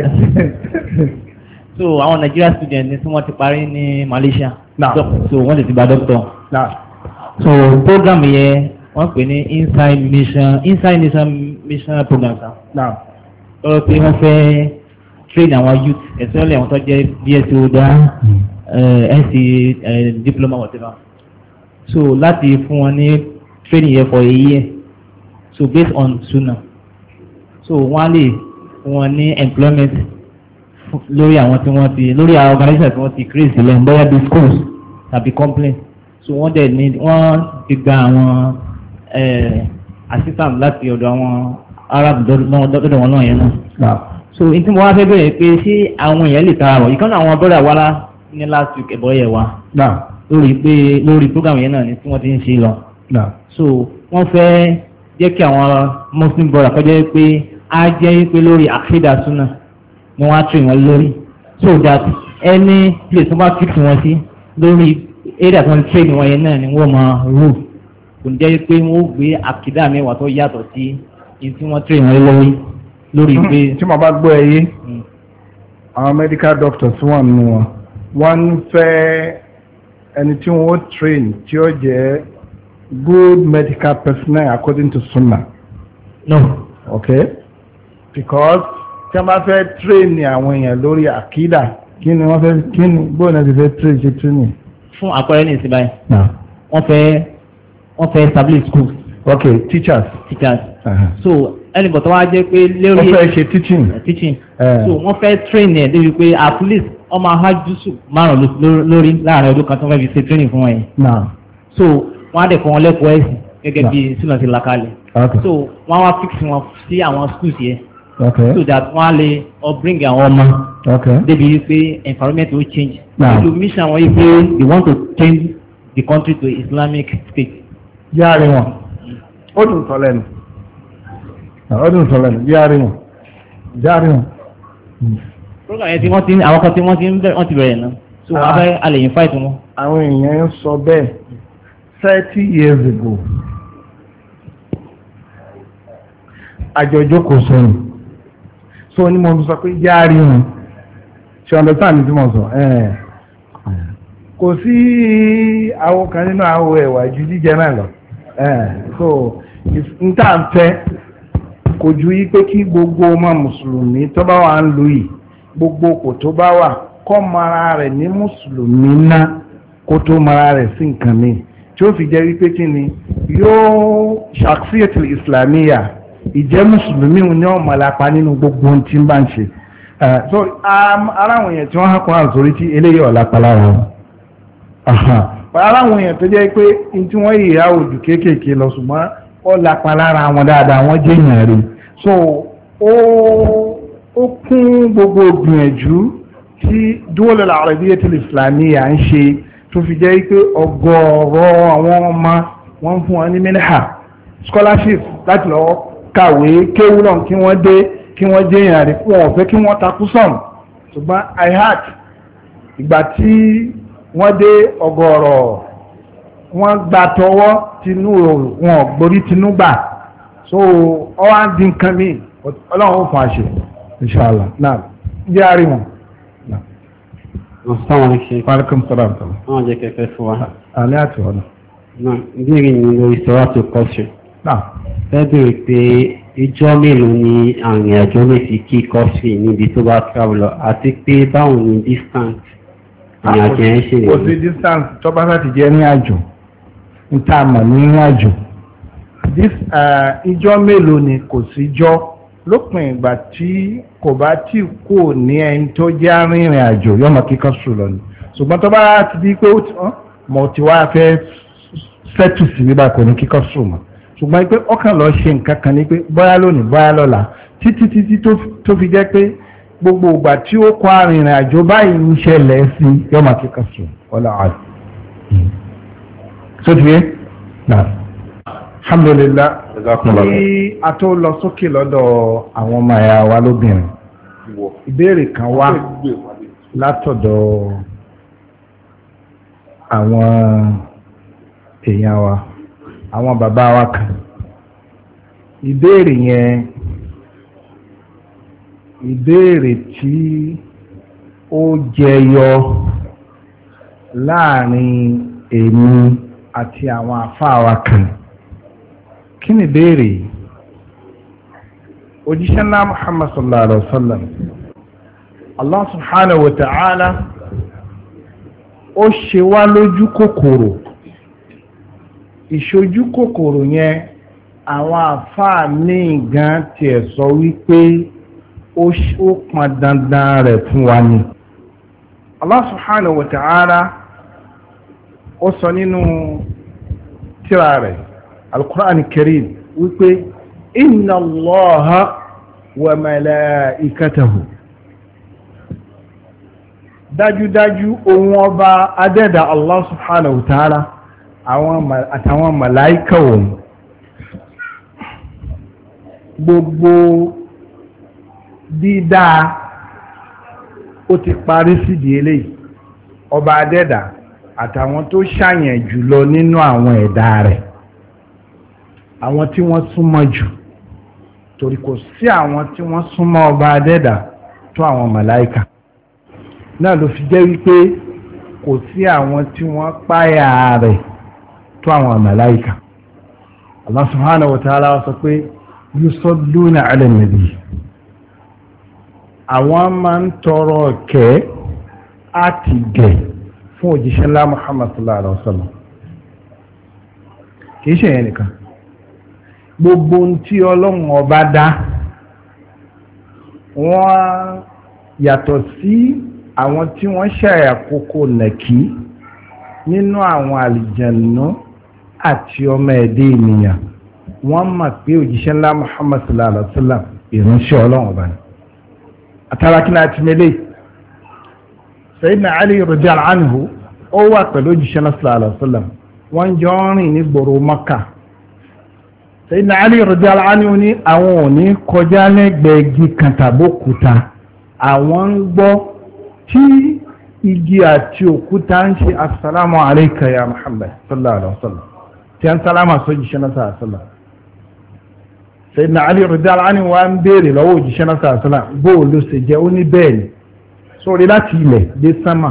so àwọn Nigeria students ní tí wọ́n ti parí ní Malaysia so wọ́n lè ti gba doctor so program yẹn wọ́n pè ní inside mission inside mission mission program sa lọ́rọ̀ pé wọ́n fẹ́ train our youth especially àwọn tó jẹ́ bsc oda nc eh, eh, diploma whatever so láti fún wọn ní training yẹn for a year so based on sooner. so wọ́n á lè fún wọn ní employment lórí àwọn tí wọ́n ti lórí àwọn organization tí wọ́n ti create sílẹ̀ bóyá bí schools tàbí complain so wọ́n dẹ̀ ní wọ́n ti gba àwọn eh, assistance láti ọ̀dọ̀ àwọn arab lọ́dọ̀ wọn náà yẹn náà so in tí mo wá fẹ́ bẹ̀rẹ̀ pé ṣé àwọn èèyàn lè tara rọ̀ ìkànnì àwọn abọ́dà wa lá ní last week ẹ̀bọ̀ yẹ̀ wa lórí pé lórí program yẹn náà ni tí wọ́n ti ń ṣe lọ so wọ́n fẹ́ jẹ́ kí àwọn muslim brother kọjá pé á jẹ́ pé lórí àkídà súnà ni wọ́n á tún wọn lórí so that any place wọ́n bá fix wọn sí lórí area tó ń train wọn yẹn náà ni wọ́n máa rú kò ní jẹ́ pé wọ́n gbé àkídà mẹ́wàá tó yàtọ̀ sí ní tí wọ́n train wọn lórí lórí pé. tí mo bá gbọ́ ẹ hmm. àwọn medical doctors wà nínú wọn wọ́n fẹ́ ẹni tí wọ́n train tí ó jẹ́ good medical personnel according to sunna. no. okay because tí wọ́n bá fẹ́ train àwọn èèyàn lórí àkídà kí ni wọ́n fẹ́ kí ni gbọ́dọ̀ ti fẹ́ train ṣe training. fún àpẹẹrẹ ní ìsinmi báyìí wọ́n fẹ́ wọ́n fẹ́ establish schools ok teachers. teachers uh -huh. so ẹnìkan tó wá jẹ́ pé lórí. wọ́n fẹ́ ṣe teaching. Eh, teaching eh. so wọ́n fẹ́ train ẹ̀ débi pé at least ọmọ ahájúsù márùn lórí láàrin ọdún kan tó fẹ́ fi ṣe training fún wọn yẹn. so wọ́n á dẹ̀ kọ́ wọn lẹ́kọ̀ọ́ ẹ̀sìn gẹ́gẹ́ bí sílọ̀ ti là kalẹ̀. so wọ́n á wá fix wọn sí àwọn schools yẹn. Okay. so that wọ́n á lè bring àwọn ọmọ débi pé environment will change. pẹ̀lú mission wọn yìí pé they want to change the country to Islamic state. yáa rí wọn. ó dùn tọ́ lẹ́nu ó dùn tọ́ lẹ́nu járe wọn wọn. program ti àwọn kan tí wọ́n ti bẹ̀rẹ̀ wọ́n ti bẹ̀rẹ̀ náà so wọ́n fẹ́ alẹ́ yìí fáìtì wọn. àwọn èèyàn ń sọ bẹ́ẹ̀ thirty years ago àjọjọ́ kò sọ̀rọ̀ so ni mo sọ pé járe wọn ṣe ọ̀dọ̀ tí mo sọ kò sí àwọn kan nínú àwọn ẹ̀wà ju jíjẹ náà lọ so. nta ń koju kò ju yí pé kí gbogbo ọmọ mùsùlùmí tó bá gbogbo kò tó bá wà mara rẹ̀ ní mùsùlùmí ná kó tó mara rẹ̀ sí nǹkan mi tí ó fi jẹ́ wípé kí ni yóò ṣàkíyèsí ìsìlámíyà ìjẹ́ mùsùlùmí ní ọmọlápá nínú gbogbo ohun tí ń bá ń ṣe so aráwọn èèyàn tí wọ́n hàn kan àzórí tí eléyìí lára wọn tó jẹ́ pé tí wọ́n yìí òjò ó lapa lára wọn dáadáa wọ́n jẹ́yàn rí so ó ó kún gbogbo gbìyànjú tí Duwal al-Arabiyyah al-Islamiyya à ń ṣe tó fi jẹ́ pé ọgọ́rọ̀ àwọn ọmọ wọ́n fún wọn ní mẹ́lẹ́hà scholarship láti lọ́ọ́ kàwé kéwú náà kí wọ́n dé kí wọ́n jẹ́yàn rí wọn ò kí wọ́n takú sọ̀m ṣùgbọ́n ihat ìgbà tí wọ́n dé ọgọ́rọ̀ wọ́n gba tọwọ́ tinú wọn gborí tinú gbà so ọwọ́ á di nǹkan mi ọlọ́run ó fún àṣẹ inṣàlá náà jẹ́ àárín wọn. Assalamu alaikum. Wa alaikum salaam. Wọ́n jẹ́ kẹ̀kẹ́ fún wa. Àlẹ́ àti ọ̀nà. Ìbéèrè ni lórí sọ́wọ́tò kọ́ṣù. Fẹ́ bèrè pé ìjọ mélòó ni àrìn àjò lè fi kí kọ́ṣù níbi tó bá travel lọ àti pé báwo ni distance ah, ìrìn àjò ẹ̀ ṣe Kò sí distance tó bá sá ti jẹ́ ní àjò níta mọ̀ nínú àjò ìjọ uh, mélòó ni kò síjọ́ lópin ìgbà tí kò bá tí kò ní ẹni tó jẹ́ arìnrìn àjò yọmọ kíkọ́ sùn lọ ni ṣùgbọ́n tó bá ti di pé mo ti wá fẹ́ sẹ́tù sí bíbá kò ní kíkọ́ sùn mọ́ ṣùgbọ́n pé ọkàn lọ ṣe nǹkan kan ní pé bóyá lónìí bóyá lọ́la títí títí tó fi jẹ́ pé gbogbo ìgbà tí ó kọ arìnrìn àjò báyìí ń ṣẹlẹ̀ sí yọmọ kíkọ́ sùn ọlọ́run sótìyé náà alhamdulillah kí a tó lọ sókè lọ́dọ̀ àwọn ọmọ ẹ̀yà wa lóbìnrin ìbéèrè kan wá látọ̀dọ̀ àwọn èèyàn wa àwọn bàbá wa kan ìbéèrè yẹn ìbéèrè tí ó jẹyọ láàrin èmi àti àwọn àfáà wa kan kí ni béèrè òjíṣẹ́ ńlá muhammad sallallahu alaihi wa sallam allah subhanahu wa ta'ala ó ṣe wá lójú kòkòrò ìṣojú kòkòrò yẹn àwọn àfáà míì gan tiẹ̀ sọ wípé ó pọn dandan rẹ̀ fún wa ni allah subhanahu wa ta'ala ó sọ nínú tíra rẹ̀ alukur'an karim wípé inna allaha wa malaikatahu dájúdájú ohun ọba adẹ́dà allah subhanahu ta'ala àtàwọn màláíkà òun gbogbo dídá ó ti parí sídìí eléyìí ọba adẹ́dà àtàwọn tó ṣàyàn jùlọ nínú àwọn ẹ̀dá rẹ̀ àwọn tí wọ́n súnmọ́ jù torí kò sí àwọn tí wọ́n súnmọ́ ọba adẹ́dà tó àwọn màláìkà náà ló fi jẹ́ wípé kò sí àwọn tí wọ́n páyà rẹ̀ tó àwọn màláìkà Allah subhanahu wa ta'ala sọ pé yusalluna ala nabi àwọn máa ń tọrọ kẹ́ àti gẹ̀ẹ́ fún òjíṣẹ́ ńlá Muhammad sallallahu alaihi wa sallam kìí ṣe yẹn nìkan gbogbo ohun tí ọlọ́run ọba dá wọ́n yàtọ̀ sí àwọn tí wọ́n ṣàyàkókò nàkí nínú àwọn àlìjànú àti ọmọ ẹ̀dẹ́ ènìyàn wọ́n mọ̀ pé òjíṣẹ́ ńlá Muhammad sallallahu alaihi wa ìránṣẹ́ ọlọ́run ọba ni àtàràkínà àti mẹ́lẹ́yìí. Sayyidina Ali radiyallahu anhu ó wà pẹ̀lú òjíṣẹ́ sallallahu alaihi wasallam wọ́n jọ ń rìn ní gbòòrò Maka Sayyidina Ali radiyallahu anhu ní àwọn ò ní kọjá lẹ́gbẹ̀ẹ́ igi kan tàbókúta àwọn ń gbọ́ tí igi àti òkúta ń ṣe assalamu alayka ya Muhammad sallallahu alaihi wasallam tí wọ́n sálámà sójíṣẹ́ sallallahu alaihi wasallam Sayyidina Ali radiyallahu anhu wa ń béèrè lọ́wọ́ òjíṣẹ́ sallallahu alaihi bóòlù ṣe jẹ́ ó ní bẹ́ẹ̀ ni sórí láti ilẹ̀ dé sánmà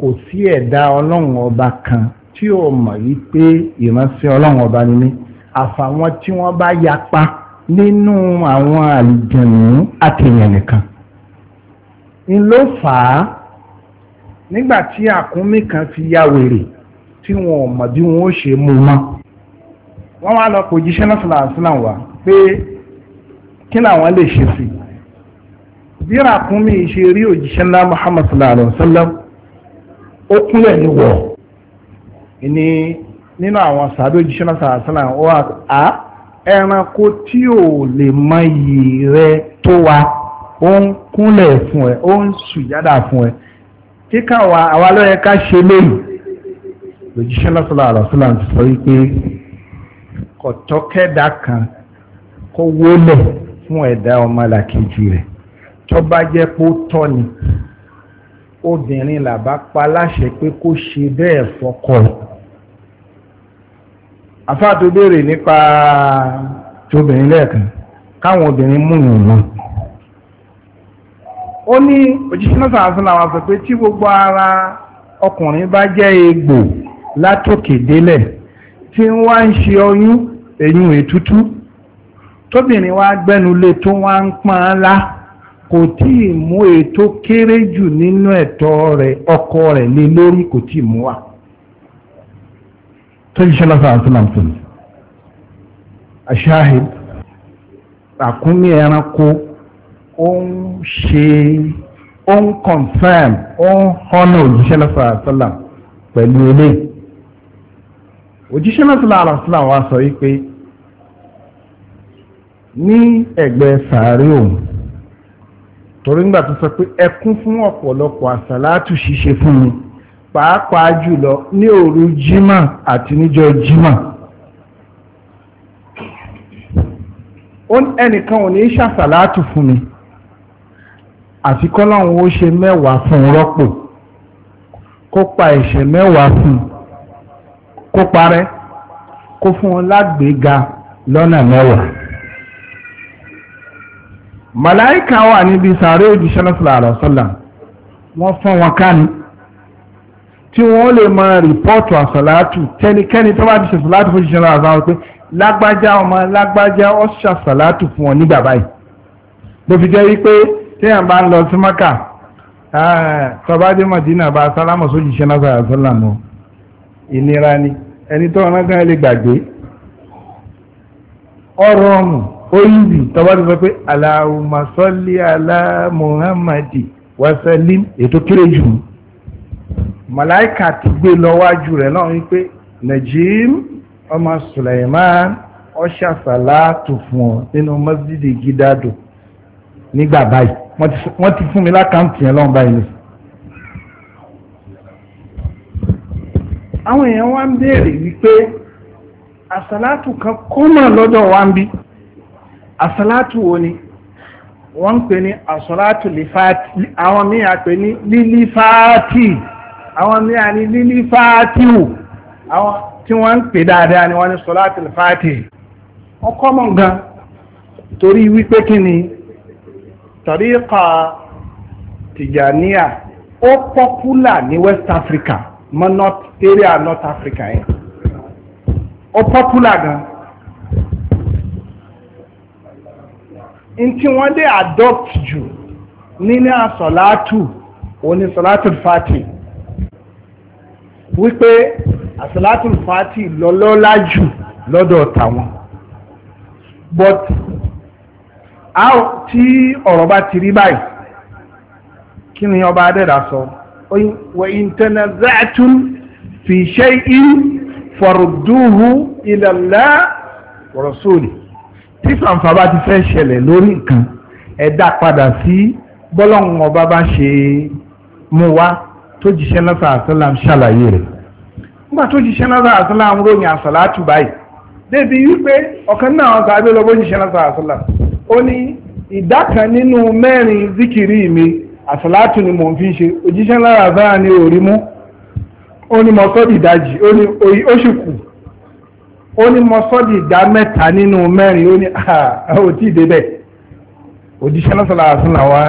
kò sí ẹ̀dá ọlọ́run ọba kan tí ò mọ̀ yí pé ìránṣẹ́ ọlọ́run ọba ni mí àfàwọn tí wọ́n bá yapa nínú àwọn àlùjọ̀nù àtẹ̀yàn nìkan ń ló fà á nígbà tí àkúnmí kan fi ya wèrè tí wọn ò mọ̀ bí wọn ó ṣe mú mọ́ wọ́n wá lọ kò jíṣẹ́ náà fúnra sílà wá pé kí làwọn lè ṣe sí i bí ràkúnmí ṣe rí òjíṣẹ́ ńlá muhammad sallallahu alayhi wa sallam ó kúnlẹ̀ ní wọ̀ ní nínú àwọn sàádó òjíṣẹ́ ńlá sallallahu wa sallam ó wà á ẹranko tí ò lè mọ iyì rẹ tó wa ó ń kúnlẹ̀ fún ẹ ó ń sùjádà fún ẹ kíkà wa àwa ló ká ṣe léyìí lòjíṣẹ́ ńlá sallallahu alayhi ti sọ wípé kọ̀tọ́kẹ́dà kan kó wólẹ̀ fún ẹ̀dá ọmọlàkejì rẹ̀ tọ́ba jẹ́ pé ó tọ́ ni obìnrin làbá pa láṣẹ pé kó ṣe bẹ́ẹ̀ fọkọ rẹ̀ àfáà tó béèrè nípa tóbìnrin lẹ́ẹ̀kan káwọn obìnrin mú yàn wọn ó ní òjíṣẹ́ náà sàásùn làwọn sọ pé tí gbogbo ara ọkùnrin bá jẹ́ egbò látòkè délẹ̀ tí wá ń ṣe ọyún èyún ètútú tóbìnrin wá gbẹ́nu lé tó wá ń pọ́n án lá. kò tí ì mú ètò kéré jù nínú ẹ̀tọ́ rẹ̀ ọkọ rẹ̀ lé lórí kò tí ì mú wa. tó ṣe lọ́sàn án sílám sílẹ̀ aṣáhid àkúnmí ẹranko ó ń ṣe ó ń confirm ó ń họ́nà òjíṣẹ́ lọ́sàn án pẹ̀lú ilé òjíṣẹ́ lọ́sàn án wa sọ wípé ní ẹ̀gbẹ́ sàárè torí nígbà tó sọ pé ẹkún fún ọ̀pọ̀lọpọ̀ àsàlátù ṣíṣe fún mi pàápàá jùlọ ní òru jímà àti níjọ́ jímà ẹnìkan ò ní ṣàsàlátù fún mi àti kọ́lọ́hún ó ṣe mẹ́wàá fún rọ́pò kó pa ẹ̀ṣẹ̀ mẹ́wàá fún kó parẹ́ kó fún ọ lágbèéga lọ́nà mẹ́wàá màláìka wà níbi sàárè òjíṣẹ́ lọ́sọ̀lá àlọ́sọ́là wọ́n fún wọn ká ni tí wọ́n lè máa rìpọ́ọ̀tù àsàlátù tẹnikẹ́ni tó bá ti ṣàsàlátù fún òjíṣẹ́ lọ́sọ̀lá àlọ́sọ́lá pé lágbájá ọmọ lágbájá ó ṣàsàlátù fún wọn nígbà báyìí ló fi jẹ́ wípé téèyàn bá ń lọ sí mọ́kà tọ́bádé bá sálámọ̀ sójíṣẹ́ lọ́sọ̀lá àlọ́sọ́là mọ́ ìnira ni ẹni tó ọ̀rọ̀ oyinbi tọ́wọ́ ti sọ pé Allahumma salli ala Muhammadi wasalim ètò kéré jù màláìkà ti gbé lọ́wájú rẹ̀ náà wípé Najim ọmọ Suleiman ọṣà sàlátù fún ọ nínú mọ́sídìí gídádò nígbà báyìí wọ́n ti fún mi lákàntì yẹn lọ́wọ́ báyìí nìyí. àwọn èèyàn wá ń béèrè wípé àsàlátù kan kó mọ̀ lọ́dọ̀ wa ń bí àsàlátù wo ni wọ́n ń pè ní àsàlátù lífàtì àwọn míì á pè ní lílífàtì àwọn míì á ní lílífàtìwù àwọn tí wọ́n ń pè dáadáa ni wọ́n ní sàlátù lífàtì wọ́n mọ̀ gan torí wípé kí ni tọ̀ríkà tìjàníà ó pọ́pùlà ní West Africa mọ́ area North Africa yẹn ó pọ́pùlà gan ntí wọ́n dé adopt jù nínú àsọ̀látù òní sọ̀látù fati wípé àsọ̀látù fati lọ́lọ́lá jù lọ́dọ̀ tàwọn but how tí ọ̀rọ̀ bá ti rí báyìí kí ni ọba adẹ́dà sọ wa in tanaza'tum fi shay'in farudduhu ila Allah wa rasuli tí fàǹfà bá ti fẹ́ ṣẹlẹ̀ lórí nǹkan ẹ dá padà sí bọ́lọ́hún ọba bá ṣe mú wá tó jíṣẹ́ náà sàásálàm ṣàlàyé rẹ̀ nígbà tó jíṣẹ́ náà sàásálàm ròyìn àsàlátù báyìí débi wípé ọ̀kan náà ọ̀sán abẹ́ lọ́bọ́ jíṣẹ́ náà sàásálàm ó ní ìdá kan nínú mẹ́rin zikiri mi àsàlátù ni mò ń fi ṣe òjíṣẹ́ náà sàásálàm ni òrí ó ní mọ́tò ìdajì ó ní oṣù kù ó ní mo sọ́dí ìdá mẹ́ta nínú mẹ́rin ó ní ò ah, tí ì débẹ̀ òjíṣẹ́ náà sọ̀rọ̀ àṣùnà wa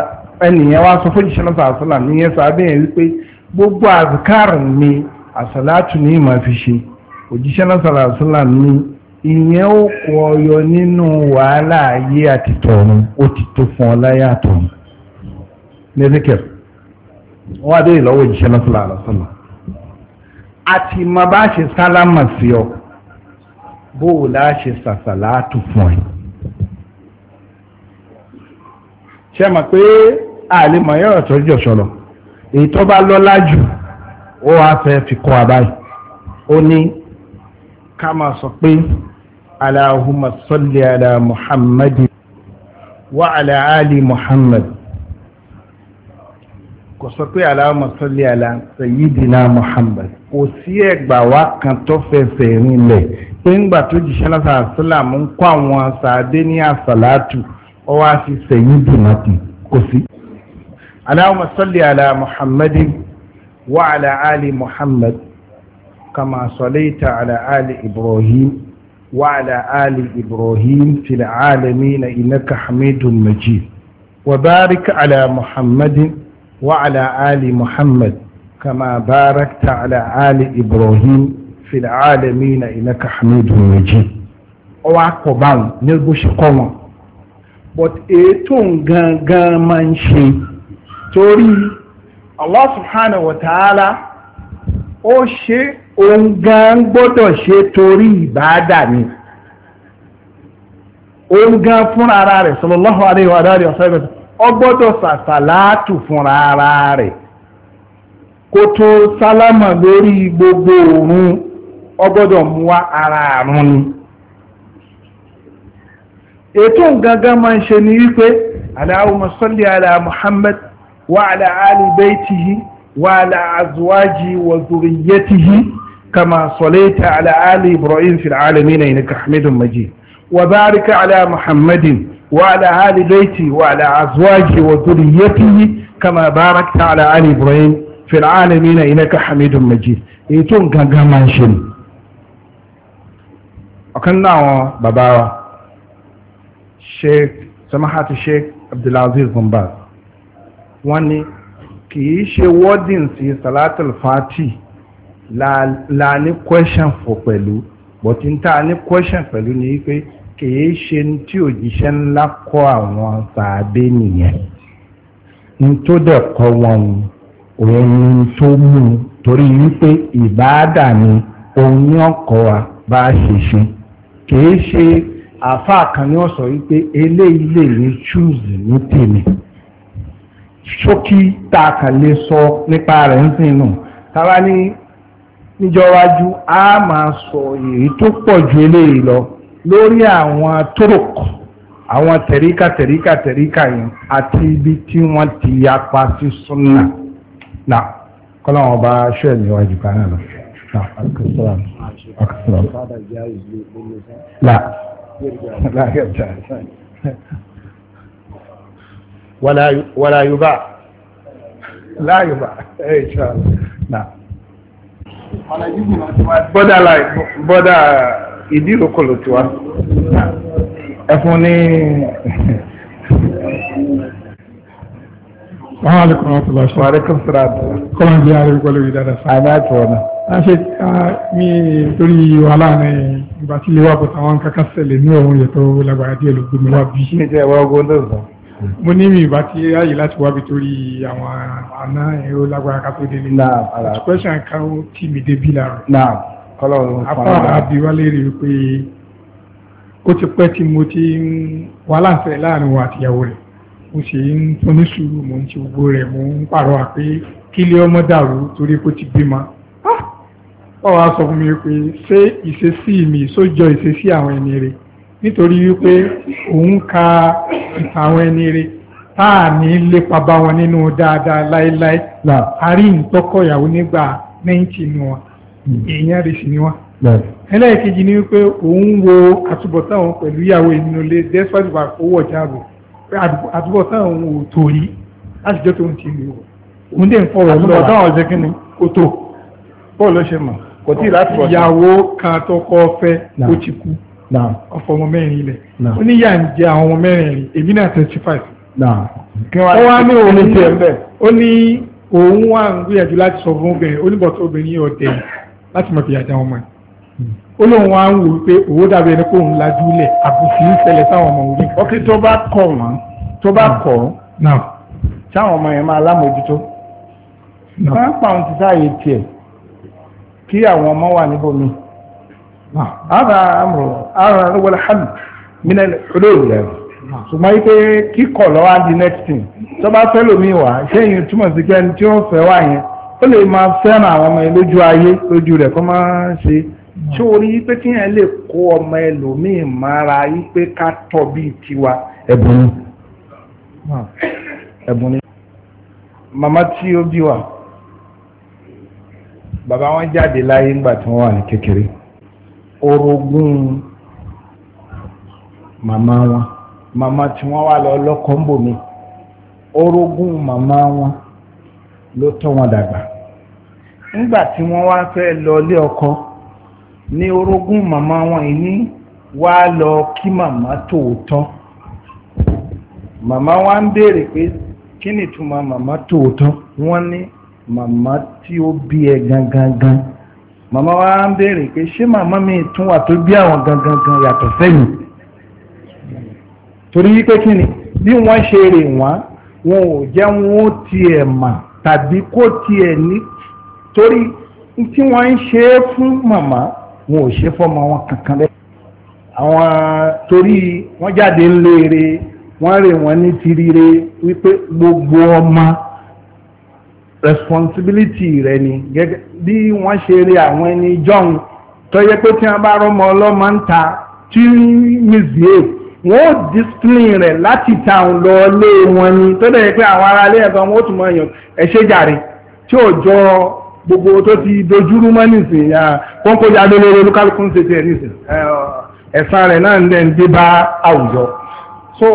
ẹnìyẹn wá sọ fún òjíṣẹ́ náà nìyẹn sọ abẹ́yẹn wípé gbogbo àzùkárù mi àṣàlátù ní ìmọ̀ fi ṣe òjíṣẹ́ náà sọ̀rọ̀ àṣùnà ní ìyẹn ó kọ ọyọ nínú wàhálà ayé ó ti tó fún ọ láyé àtọ̀run lẹ́sẹ̀kẹ̀ wọ́n adé ìlọ́wọ́ òjíṣẹ́ náà àti mọ bá ṣe sálámà sí ọ bó o láṣẹ sàṣàlátù fún ẹ ṣe mọ̀ pé àlemọ̀ yọ̀rọ̀ tó jọ sọ̀rọ̀ èyí tó bá lọ́lá jù ó wá fẹ́ fi kọ́ abáyé ó ní ká máa sọ pé aláhùmá sọ́lẹ̀ àlà muhammadu wa àlà àlì kò sọ pé aláhùmá sọ́lẹ̀ àlà sayyidina muhammadu kò sí ẹgbàá wa rinlẹ̀ pé ńgbà tó jìṣẹ́ lásán àṣìláàmù ń kọ́ àwọn sàádé ní àṣàlátù ó wá sí sẹ́yìn dùnàkùn kò sí. Allahumma salli ala Muhammadin wa ala ali Muhammad kama sallaita ala ali Ibrahim wa ala ali Ibrahim fil alamin innaka hamidun majid. وبارك على محمد وعلى آل محمد كما باركت على آل إبراهيم fil alamina innaka hamidun majid ọwọ́ akọ̀báwọn ní bó ṣe kọ́ wọn but ètò gangan ma ń ṣe torí Allah subhanahu wa ta'ala o ṣe òun gan gbọ́dọ̀ ṣe torí ìbáadà ni òun gan fúnra ara rẹ̀ sallallahu alaihi wa alihi wasallam ó gbọ́dọ̀ sàṣàlátù fúnra ara rẹ̀ ko to salama lori gbogbo òun ọgbọ́dọ̀ mú wá ara àrùn ni ètò gangan máa ń ṣe ni wípé Allahumma sọ́lẹ̀ ala Muhammad wa ala ali tì baitihi wa ala azuwaji wa zuri yẹ tì zuriyatihi kama tà ala ali Ibrahim fi fil alamin innaka Hamidum Majid wa barik ala Muhammadin وعلى آل بيتي وعلى أزواجي وذريته كما باركت على آل إبراهيم في العالمين إنك ètò gangan máa ń ṣe ni. ọ̀kan náà àwọn bàbá wa sheikh samahati sheikh abdulaziz bumbaz wọ́n ní kì í ṣe wọ́dìn sí salatul fati la ní question fò pẹ̀lú bọ̀tí ń ta ní question pẹ̀lú ni pé kì í ṣe tí òjíṣẹ́ ńlá kọ́ àwọn sàábé nìyẹn ní tó dẹ̀ kọ́ wọn òun tó mú torí wípé ìbáàdà ni òun yàn kọ́ wa bá ṣe ṣe kìí ṣe àáfàá kan ní ọ̀sọ̀ wípé eléyìí lè ní chúùsì ní tèmi ṣókí tá a kàn lè sọ nípa rẹ̀ ń sìn nù táwa ní níjọ́wájú a máa sọ èyí tó pọ̀ ju eléyìí lọ lórí àwọn tóròkù àwọn tẹ̀ríkà tẹ̀ríkà tẹ̀ríkà yẹn àti ibi tí wọ́n ti yapa sí súnà náà kọ́lọ́wọ́n bá ṣẹ́ẹ̀ níwájú kan náà lọ. لا لا يرجع ولا ولا يباع لا يباع ان شاء الله نعم bọ́dà láì bọ́dà ìdíròkọ ló ti wá ẹ fún ní wàhálà kan ọ̀tún lọ́sọ̀rọ̀ kọ́ńtà kọ́ńtà bí arẹ́gbẹ́lẹ́ yìí dáadáa sáà. àná àtúwọ̀n náà láṣẹ mi torí wàhálà ní ìgbà tí ilé wà bọ̀ táwọn kankan ṣẹlẹ̀ ní ọ̀hún yẹ tó lágbára díẹ̀ ló mi jẹ́ ìwà ogun ló sọ. mo ní mi ìbá ti ráyè láti wá bi torí àwọn àná ẹ̀rọ lágbára ká tó délé. náà ara question kan ó tì mí débi lára. náà kọ́lọ́ ọ̀run fún wa. apá àbí wálé rè pé ó ti pẹ́ tí mo ti ń wàhálà ń ṣẹlẹ̀ láàrin wa àtìyàwó rẹ̀ mo sì ń tún ní sùúrù mo ń ti gbogbo rẹ̀ mo ń pàrọ̀ àpé kílé ọmọ dàrú torí kó ti bímọ ọ wá sọ fún mi pé ṣé ìṣesí mi sójọ ìṣesí àwọn ẹni nitori nítorí wípé òun ka ìtàwọn ẹni rẹ̀ táà ní lépa bá wọn nínú dáadáa láéláé àrí ìtọ́kọ̀yàwó nígbà 90 hmm. ni wọn èèyàn rẹ̀ sì ni wípé òun wo àtúbọ̀tán pẹ̀lú ìyàwó wà àtúbọ̀tán òun ò rí láti tó ń ti lò òun dé ń lọ́wọ́ àtúbọ̀tán bóun ló ṣe mọ̀ kò tí ì láti bọ̀. ìyàwó kan tó kọ́ fẹ́ ó ti kú ọ̀fọ̀ ọmọ mẹ́rin ilẹ̀ ó ní yà ń jẹ àwọn ọmọ mẹ́rin rí èmi náà twenty five. ó wá ní òun tiẹ̀ bẹ́ẹ̀ ó ní òun wà ń gbìyànjú láti sọ fún obìnrin oníbọ̀tọ̀ obìnrin ọ̀dẹ̀ láti mọ̀ fìyà jẹ àwọn ọmọ rẹ̀ hmm. ó lóun wá ń wò wípé òwò dàbí ẹni kóun lajú lẹ̀ àbùsí ń ṣẹlẹ̀ sáwọn ọmọ òní. ọkì tó bá kọ̀ wọ́n tó bá kọ̀ sáwọn ọmọ yẹn máa lámòjútó. máa kí àwọn ọmọ wà níbòmí ara amúrò ara wọlé hàlù mílẹ̀ olóòrùn lẹ́rọ ṣùgbọ́n wípé kíkọ̀ lọ́wọ́ di next thing tó bá fẹ́ lómi wà ṣẹ́yìn túmọ̀ sí kẹ́ni tí ó fẹ́ wà yẹn ó lè máa fẹ́ràn àwọn ọmọ lójú ayé lójú rẹ̀ kọ́ máa ṣe tí ó rí pé kí yẹn lè kó ọmọ ẹlòmíì mára wípé ká tọ́ bíi tiwa ẹ̀bùn ni màmá tí ó bí wa bàbá wọn jáde láyé ńgbà tí wọ́n wà ní kékeré orogún màmá wọn màmá tí wọn wà lọ lọ́kọ́ ń bò mí orogún màmá wọn ló tọ́ wọn dàgbà ńgbà tí wọ́n wá fẹ́ lọ ilé ọkọ ní orogún màmá wọn yìí ní wá lọ kí màmá tòótọ́ màmá wa ń béèrè pé kí ni ìtumọ̀ màmá tòótọ́ wọ́n ní màmá tí ó bí ẹ gangan màmá wa ń béèrè pé ṣé màmá mi tún wà tó bí àwọn gangan yàtọ̀ sẹ́yìn torí wípé kí ni bí wọ́n ṣe rè wọ́n wọn ò jẹ́ wọn ó tiẹ̀ mà tàbí kó tiẹ̀ ní torí tí wọ́n ń ṣe é fún màmá wọn ò ṣe fọ́mọ wọn kankan lẹ́yìn àwọn torí wọ́n jáde ń léere wọ́n rè wọ́n ní tirire wípé gbogbo ọmọ responsibility rẹ ni gẹ́gẹ́ bí wọ́n ṣe rí àwọn ẹni jọ̀hún tó yẹ pé tí wọ́n bá rọmọ ọlọ́mọ ń ta tí misbehave wọ́n ó discipline rẹ̀ láti town lọ lé wọn ni tó dẹ̀ yẹ pé àwọn ará ilé ẹ̀gbọ́n wọn ó tún mọ èèyàn ẹ jàre tí ò jọ gbogbo tó ti dojúrú mọ́ nísìnyí wọ́n kó jáde lórí olúkálùkù ń ṣe tiẹ̀ nísìnyí ẹ̀san rẹ̀ náà ń dẹ̀ ń dé bá àwùjọ. so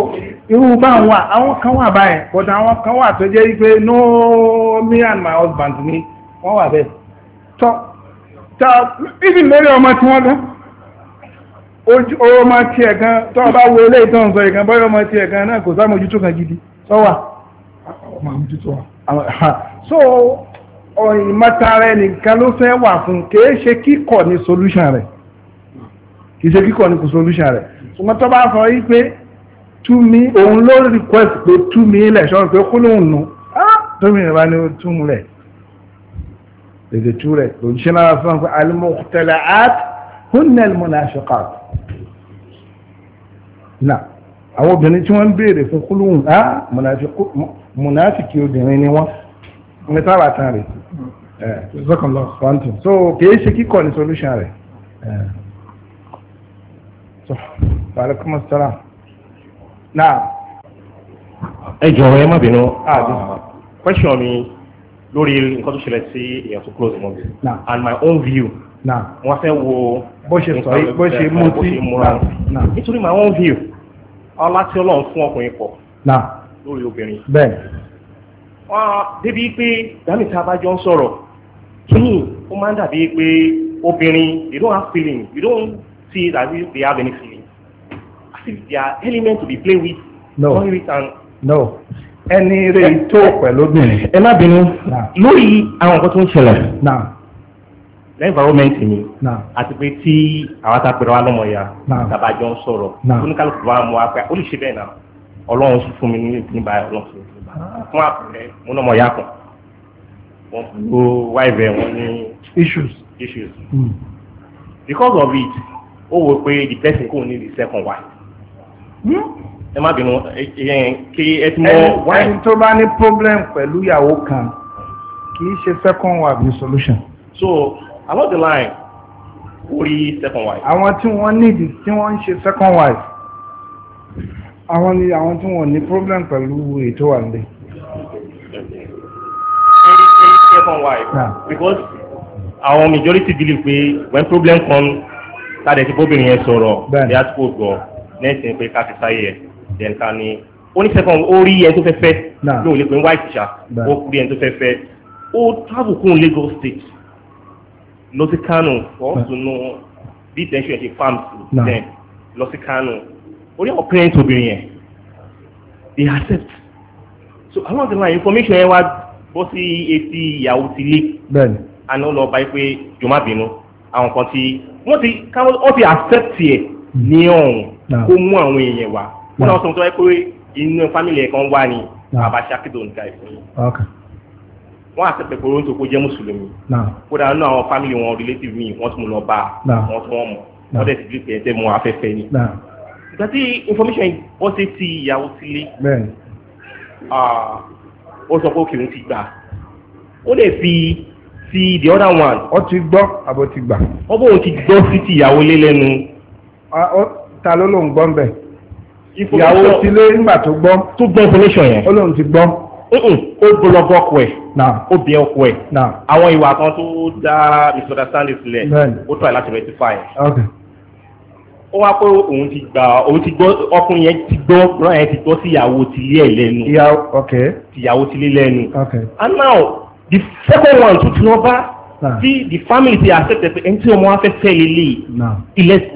irú bá ń wà àwọn kan wà báyìí but àwọn kan wà tó jẹ́ wípé no me and my husband ni wọ́n wà bẹ́ẹ̀ tọ́ tọ́ ibi lórí ọmọ tí wọ́n gan ọmọ tí ẹ̀ gan tọ́ ọba wo ilé ìtàn sọ ìkan bọ́yọ̀ ọmọ tí ẹ̀ gan náà kò sámójútó kan gidi sọ wà ọmọ àmójútó wà so ìmọ̀tara ẹnìkan ló fẹ́ wà fún kìí ṣe kíkọ̀ ní solution rẹ̀ kìí ṣe kíkọ̀ ní solution rẹ̀ ṣùgbọ́n tọ́ bá sọ yí tú mi òun ló request pé tú mi ilẹ̀ ṣọ́n pé kó lóun nù ah! tómìnira bá ní tú mu rẹ̀ lèdè tú rẹ̀ òjíṣẹ́ náà fún wọn pé al-mukhtala'at hunna al-munafiqat náà àwọn obìnrin tí wọ́n ń béèrè fún kúlùhùn á ah, mùnáfìkì obìnrin ni wọ́n ní sábà tán rẹ̀ so kìí ṣe kíkọ́ ní solution rẹ̀ so wàlẹ́kùmọ̀ sọ́ra náà. ẹ jọ̀wọ́ ẹ má bínú ah, ah, question mi lórí nǹkan tó ṣẹlẹ̀ sí èèyàn tó close mọ́ mi and my own view wọ́n fẹ́ wo bó ṣe sọ bó ṣe mú sí nítorí my own view ọlá tí ọlọ́run fún ọkùnrin pọ̀ lórí obìnrin bẹ́ẹ̀ wọ́n débi pé dámìtà abájọ́ ń sọ̀rọ̀ kíni ó máa ń dàbí pé obìnrin you don't have feeling you don't see that they have any feeling axis their element to be played with. no no ẹni rẹ̀ tó pẹ̀lú obìnrin. ẹ má bínú lórí àwọn nǹkan tó ń ṣẹlẹ̀ environment ni àti pé tí àwọn àtàpẹ̀rẹ̀ wa lọ́mọ ya tàbá jọ ń sọ̀rọ̀ oníkálukú wa mú apẹ́ ó lè ṣe bẹ́ẹ̀ náà ọlọ́run sì fún mi ní ìpínlẹ̀ báyìí ọlọ́run sì fún mi ah. fún àpẹẹrẹ mo lọ́mọ ya kan wọ́n gbogbo wáìbẹ wọ́n ní issues issues hmm. because of it ó wò pé the person kò ní the second wife ẹ má bínú kí ẹ ti mọ. ẹni tó bá ní problem pẹ̀lú ìyàwó kan kì í ṣe second wife solution. so along the line ó rí second wife. àwọn tí wọ́n need tí wọ́n ń ṣe second wife àwọn ni àwọn tí wọ́n ní problem pẹ̀lú ètò àlẹ́. second wife because àwọn majority believe pé when problem come tàdé tí yẹn sọ̀rọ̀ they are supposed to go lẹ́sìn pé ká fi sáyé ẹ̀ then ká ní oníṣẹ́gun ó rí ẹni tó fẹ́ fẹ́ lóun lè pè ń white ṣá ó rí ẹni tó fẹ́ fẹ́ ó travel kún Lagos State lọ sí Kano for us to know bí tension ṣe farm to then lọ sí Kano orí àwọn parents obìnrin yẹn they accept so along the line information yẹn wá bọ́ sí etí ìyàwó ti lé àná lọ báyìí pé jọ̀ọ́ má bínú àwọn kan ti wọ́n ti káwọn ó ti accept yẹ ní ọ̀hún kó mú àwọn èèyàn wá kó náà sọ pé inú fámìlì ẹ̀ kan wá ni àbáṣá kìdò nǹkan ìfún yìí wọ́n àti pẹ̀pẹ̀ oróńtò kó jẹ́ mùsùlùmí kódà nínú àwọn fámìlì wọn relative mi wọ́n tún lọ bá wọ́n tún wọ́n mọ̀ wọ́n dẹ̀ ti bí pẹ̀lú ẹ̀tẹ́ mọ afẹ́fẹ́ ni. ìgbà tí information wọ́n ṣe ti ìyàwó sílé ó sọ pé òkè òun ti gbà ó lè fi ti the other one. ó ti gbọ́ àbó ti gbà. ó bóun ti gbọ́ sí ti ìyàwó lé lẹ́nu ta ló lòun gbọ́ mbẹ̀ ìyàwó tilé ńgbà tó gbọ́ tó gbọ́ information yẹn ó lòun ti gbọ́ ó gbọlọgọ ọkọ ẹ̀ ó bí ọkọ ẹ̀ àwọn ìwà kan tó dá misunderstanding sílẹ̀ ó tọ́ ẹ̀ láti rectify ẹ̀ ó wá pé òun ti gbà òun ti gbọ́ ọkùnrin yẹn ti gbọ́ rán yẹn ti gbọ́ sí ìyàwó tilé ẹ̀ lẹ́nu ìyàwó tilé lẹ́nu and now the second one tún ti wọ́n bá tí family ti accept ẹ pé ẹni tí ọmọ wa fẹ́ fẹ́ lélẹ̀ ilẹ̀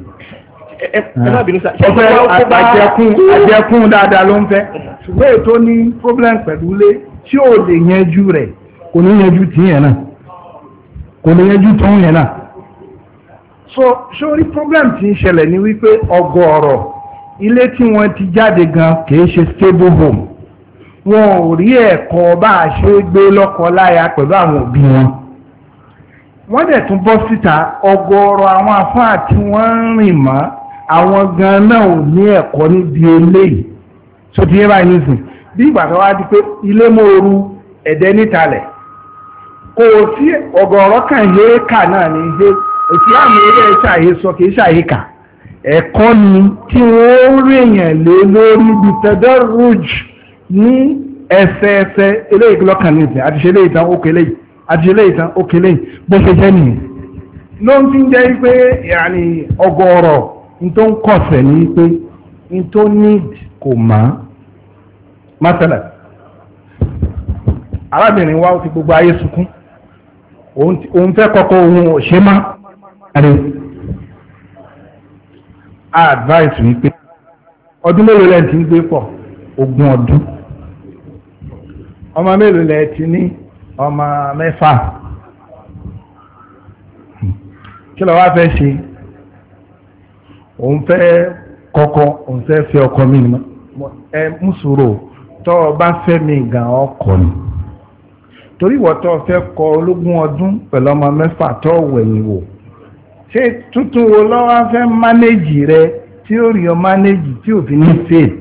ọ̀fẹ́ àjẹkùn àjẹkùn dáadáa ló ń fẹ́ ṣùgbọ́n ètò ní problem pẹ̀lú ilé tí ò lè yanjú rẹ̀ kò ní yanjú tí yẹn náà kò lè yanjú tó ń yẹn náà so sórí problem tí ń ṣẹlẹ̀ ni wípé ọgọ́ọ̀rọ̀ ilé tí wọ́n ti jáde gan kìí ṣe stable home wọn ò rí ẹ̀kọ́ bá a ṣe gbé lọ́kọ láya pẹ̀lú àwọn òbí wọn wọ́n dẹ̀ tún bọ́ síta ọgọ́ọ̀rọ̀ àwọn afáà tí wọ́n ń rìn mọ́ àwọn gan náà ò ní ẹ̀kọ́ níbi eléyìí tó ti yé báyìí nísìn bí ìgbà tó wá di pé ilé mòoru ẹ̀dẹ́ nítalẹ̀ kò sí ọ̀gọ̀ọ̀rọ̀ kan hẹ́ẹ́kà náà ní ṣe òtí àmì eré ṣàyè kì í ṣàyè ẹ̀kọ́ ni tí wọ́n rèèyàn lé lórí ibi tẹ́dọ́ rújù ní ẹsẹẹsẹ eléyìí lọ́kàn ní ìsìn àti ṣe eléyìí tán ókè léyìí àti eléyìí tán ókè léyìí bó ṣe jẹ́ nìyẹn ló ń ti ń jẹ́ pé ọgọ́rọ̀ tó ń kọ̀fẹ̀ ní pé n tó need kò má mátàlá arábìnrin wa ó ti gbogbo ayé sunkún òun fẹ́ kọ́kọ́ ohun òṣè má advice wípé ọdún mélòó lẹ́yìn tí ń gbé pọ̀ ogún ọdún ọmọ mélòó lẹ́yìn tí ní ọmọ mẹ́fà kí ló fẹ́ ṣe òun fẹ́ kọ́kọ́ òun fẹ́ fẹ́ ọkọ mi ni ẹ ń tọ́ ọ bá fẹ́ mi gan ọkọ ni torí tọ́ fẹ́ kọ ológun ọdún pẹ̀lú ọmọ mẹ́fà tọ́ wẹ̀yìn wò ṣé tuntun wo lọ́wọ́ fẹ́ mánéjì rẹ tí ó rí ọ mánéjì tí òfin ní fail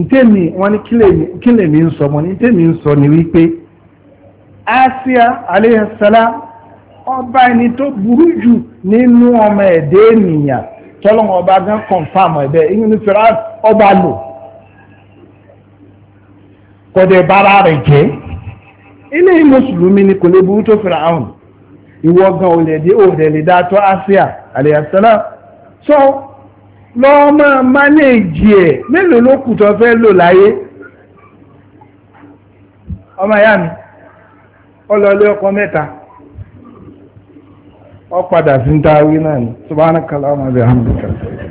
ìtẹ́mi wọ́n ni kí mi ń sọ mọ́ ní ìtẹ́mi ń sọ ni wípé Asia ọba ẹni tó burú jù nínú ọmọ ẹ̀dẹ́ ènìyàn tọ́lọ́wọ́n ọba gan confam ẹ̀bẹ̀ inú ní fẹ́ra ọba lò kọ́dẹ̀ bára rẹ̀ jẹ́ ilé mùsùlùmí ni kò lè burú tó fẹ́ra àwọn ìwọ gan olè dé òòrè lè dá tó àsíà so lọ máa mánéèjì ẹ̀ mélòó ló kù tó fẹ́ lò láyé ọmọ ìyá mi ọlọ́lé ọkọ mẹ́ta ọ padà sí ń ta awí náà ni subhanakallahumma wa bihamdika.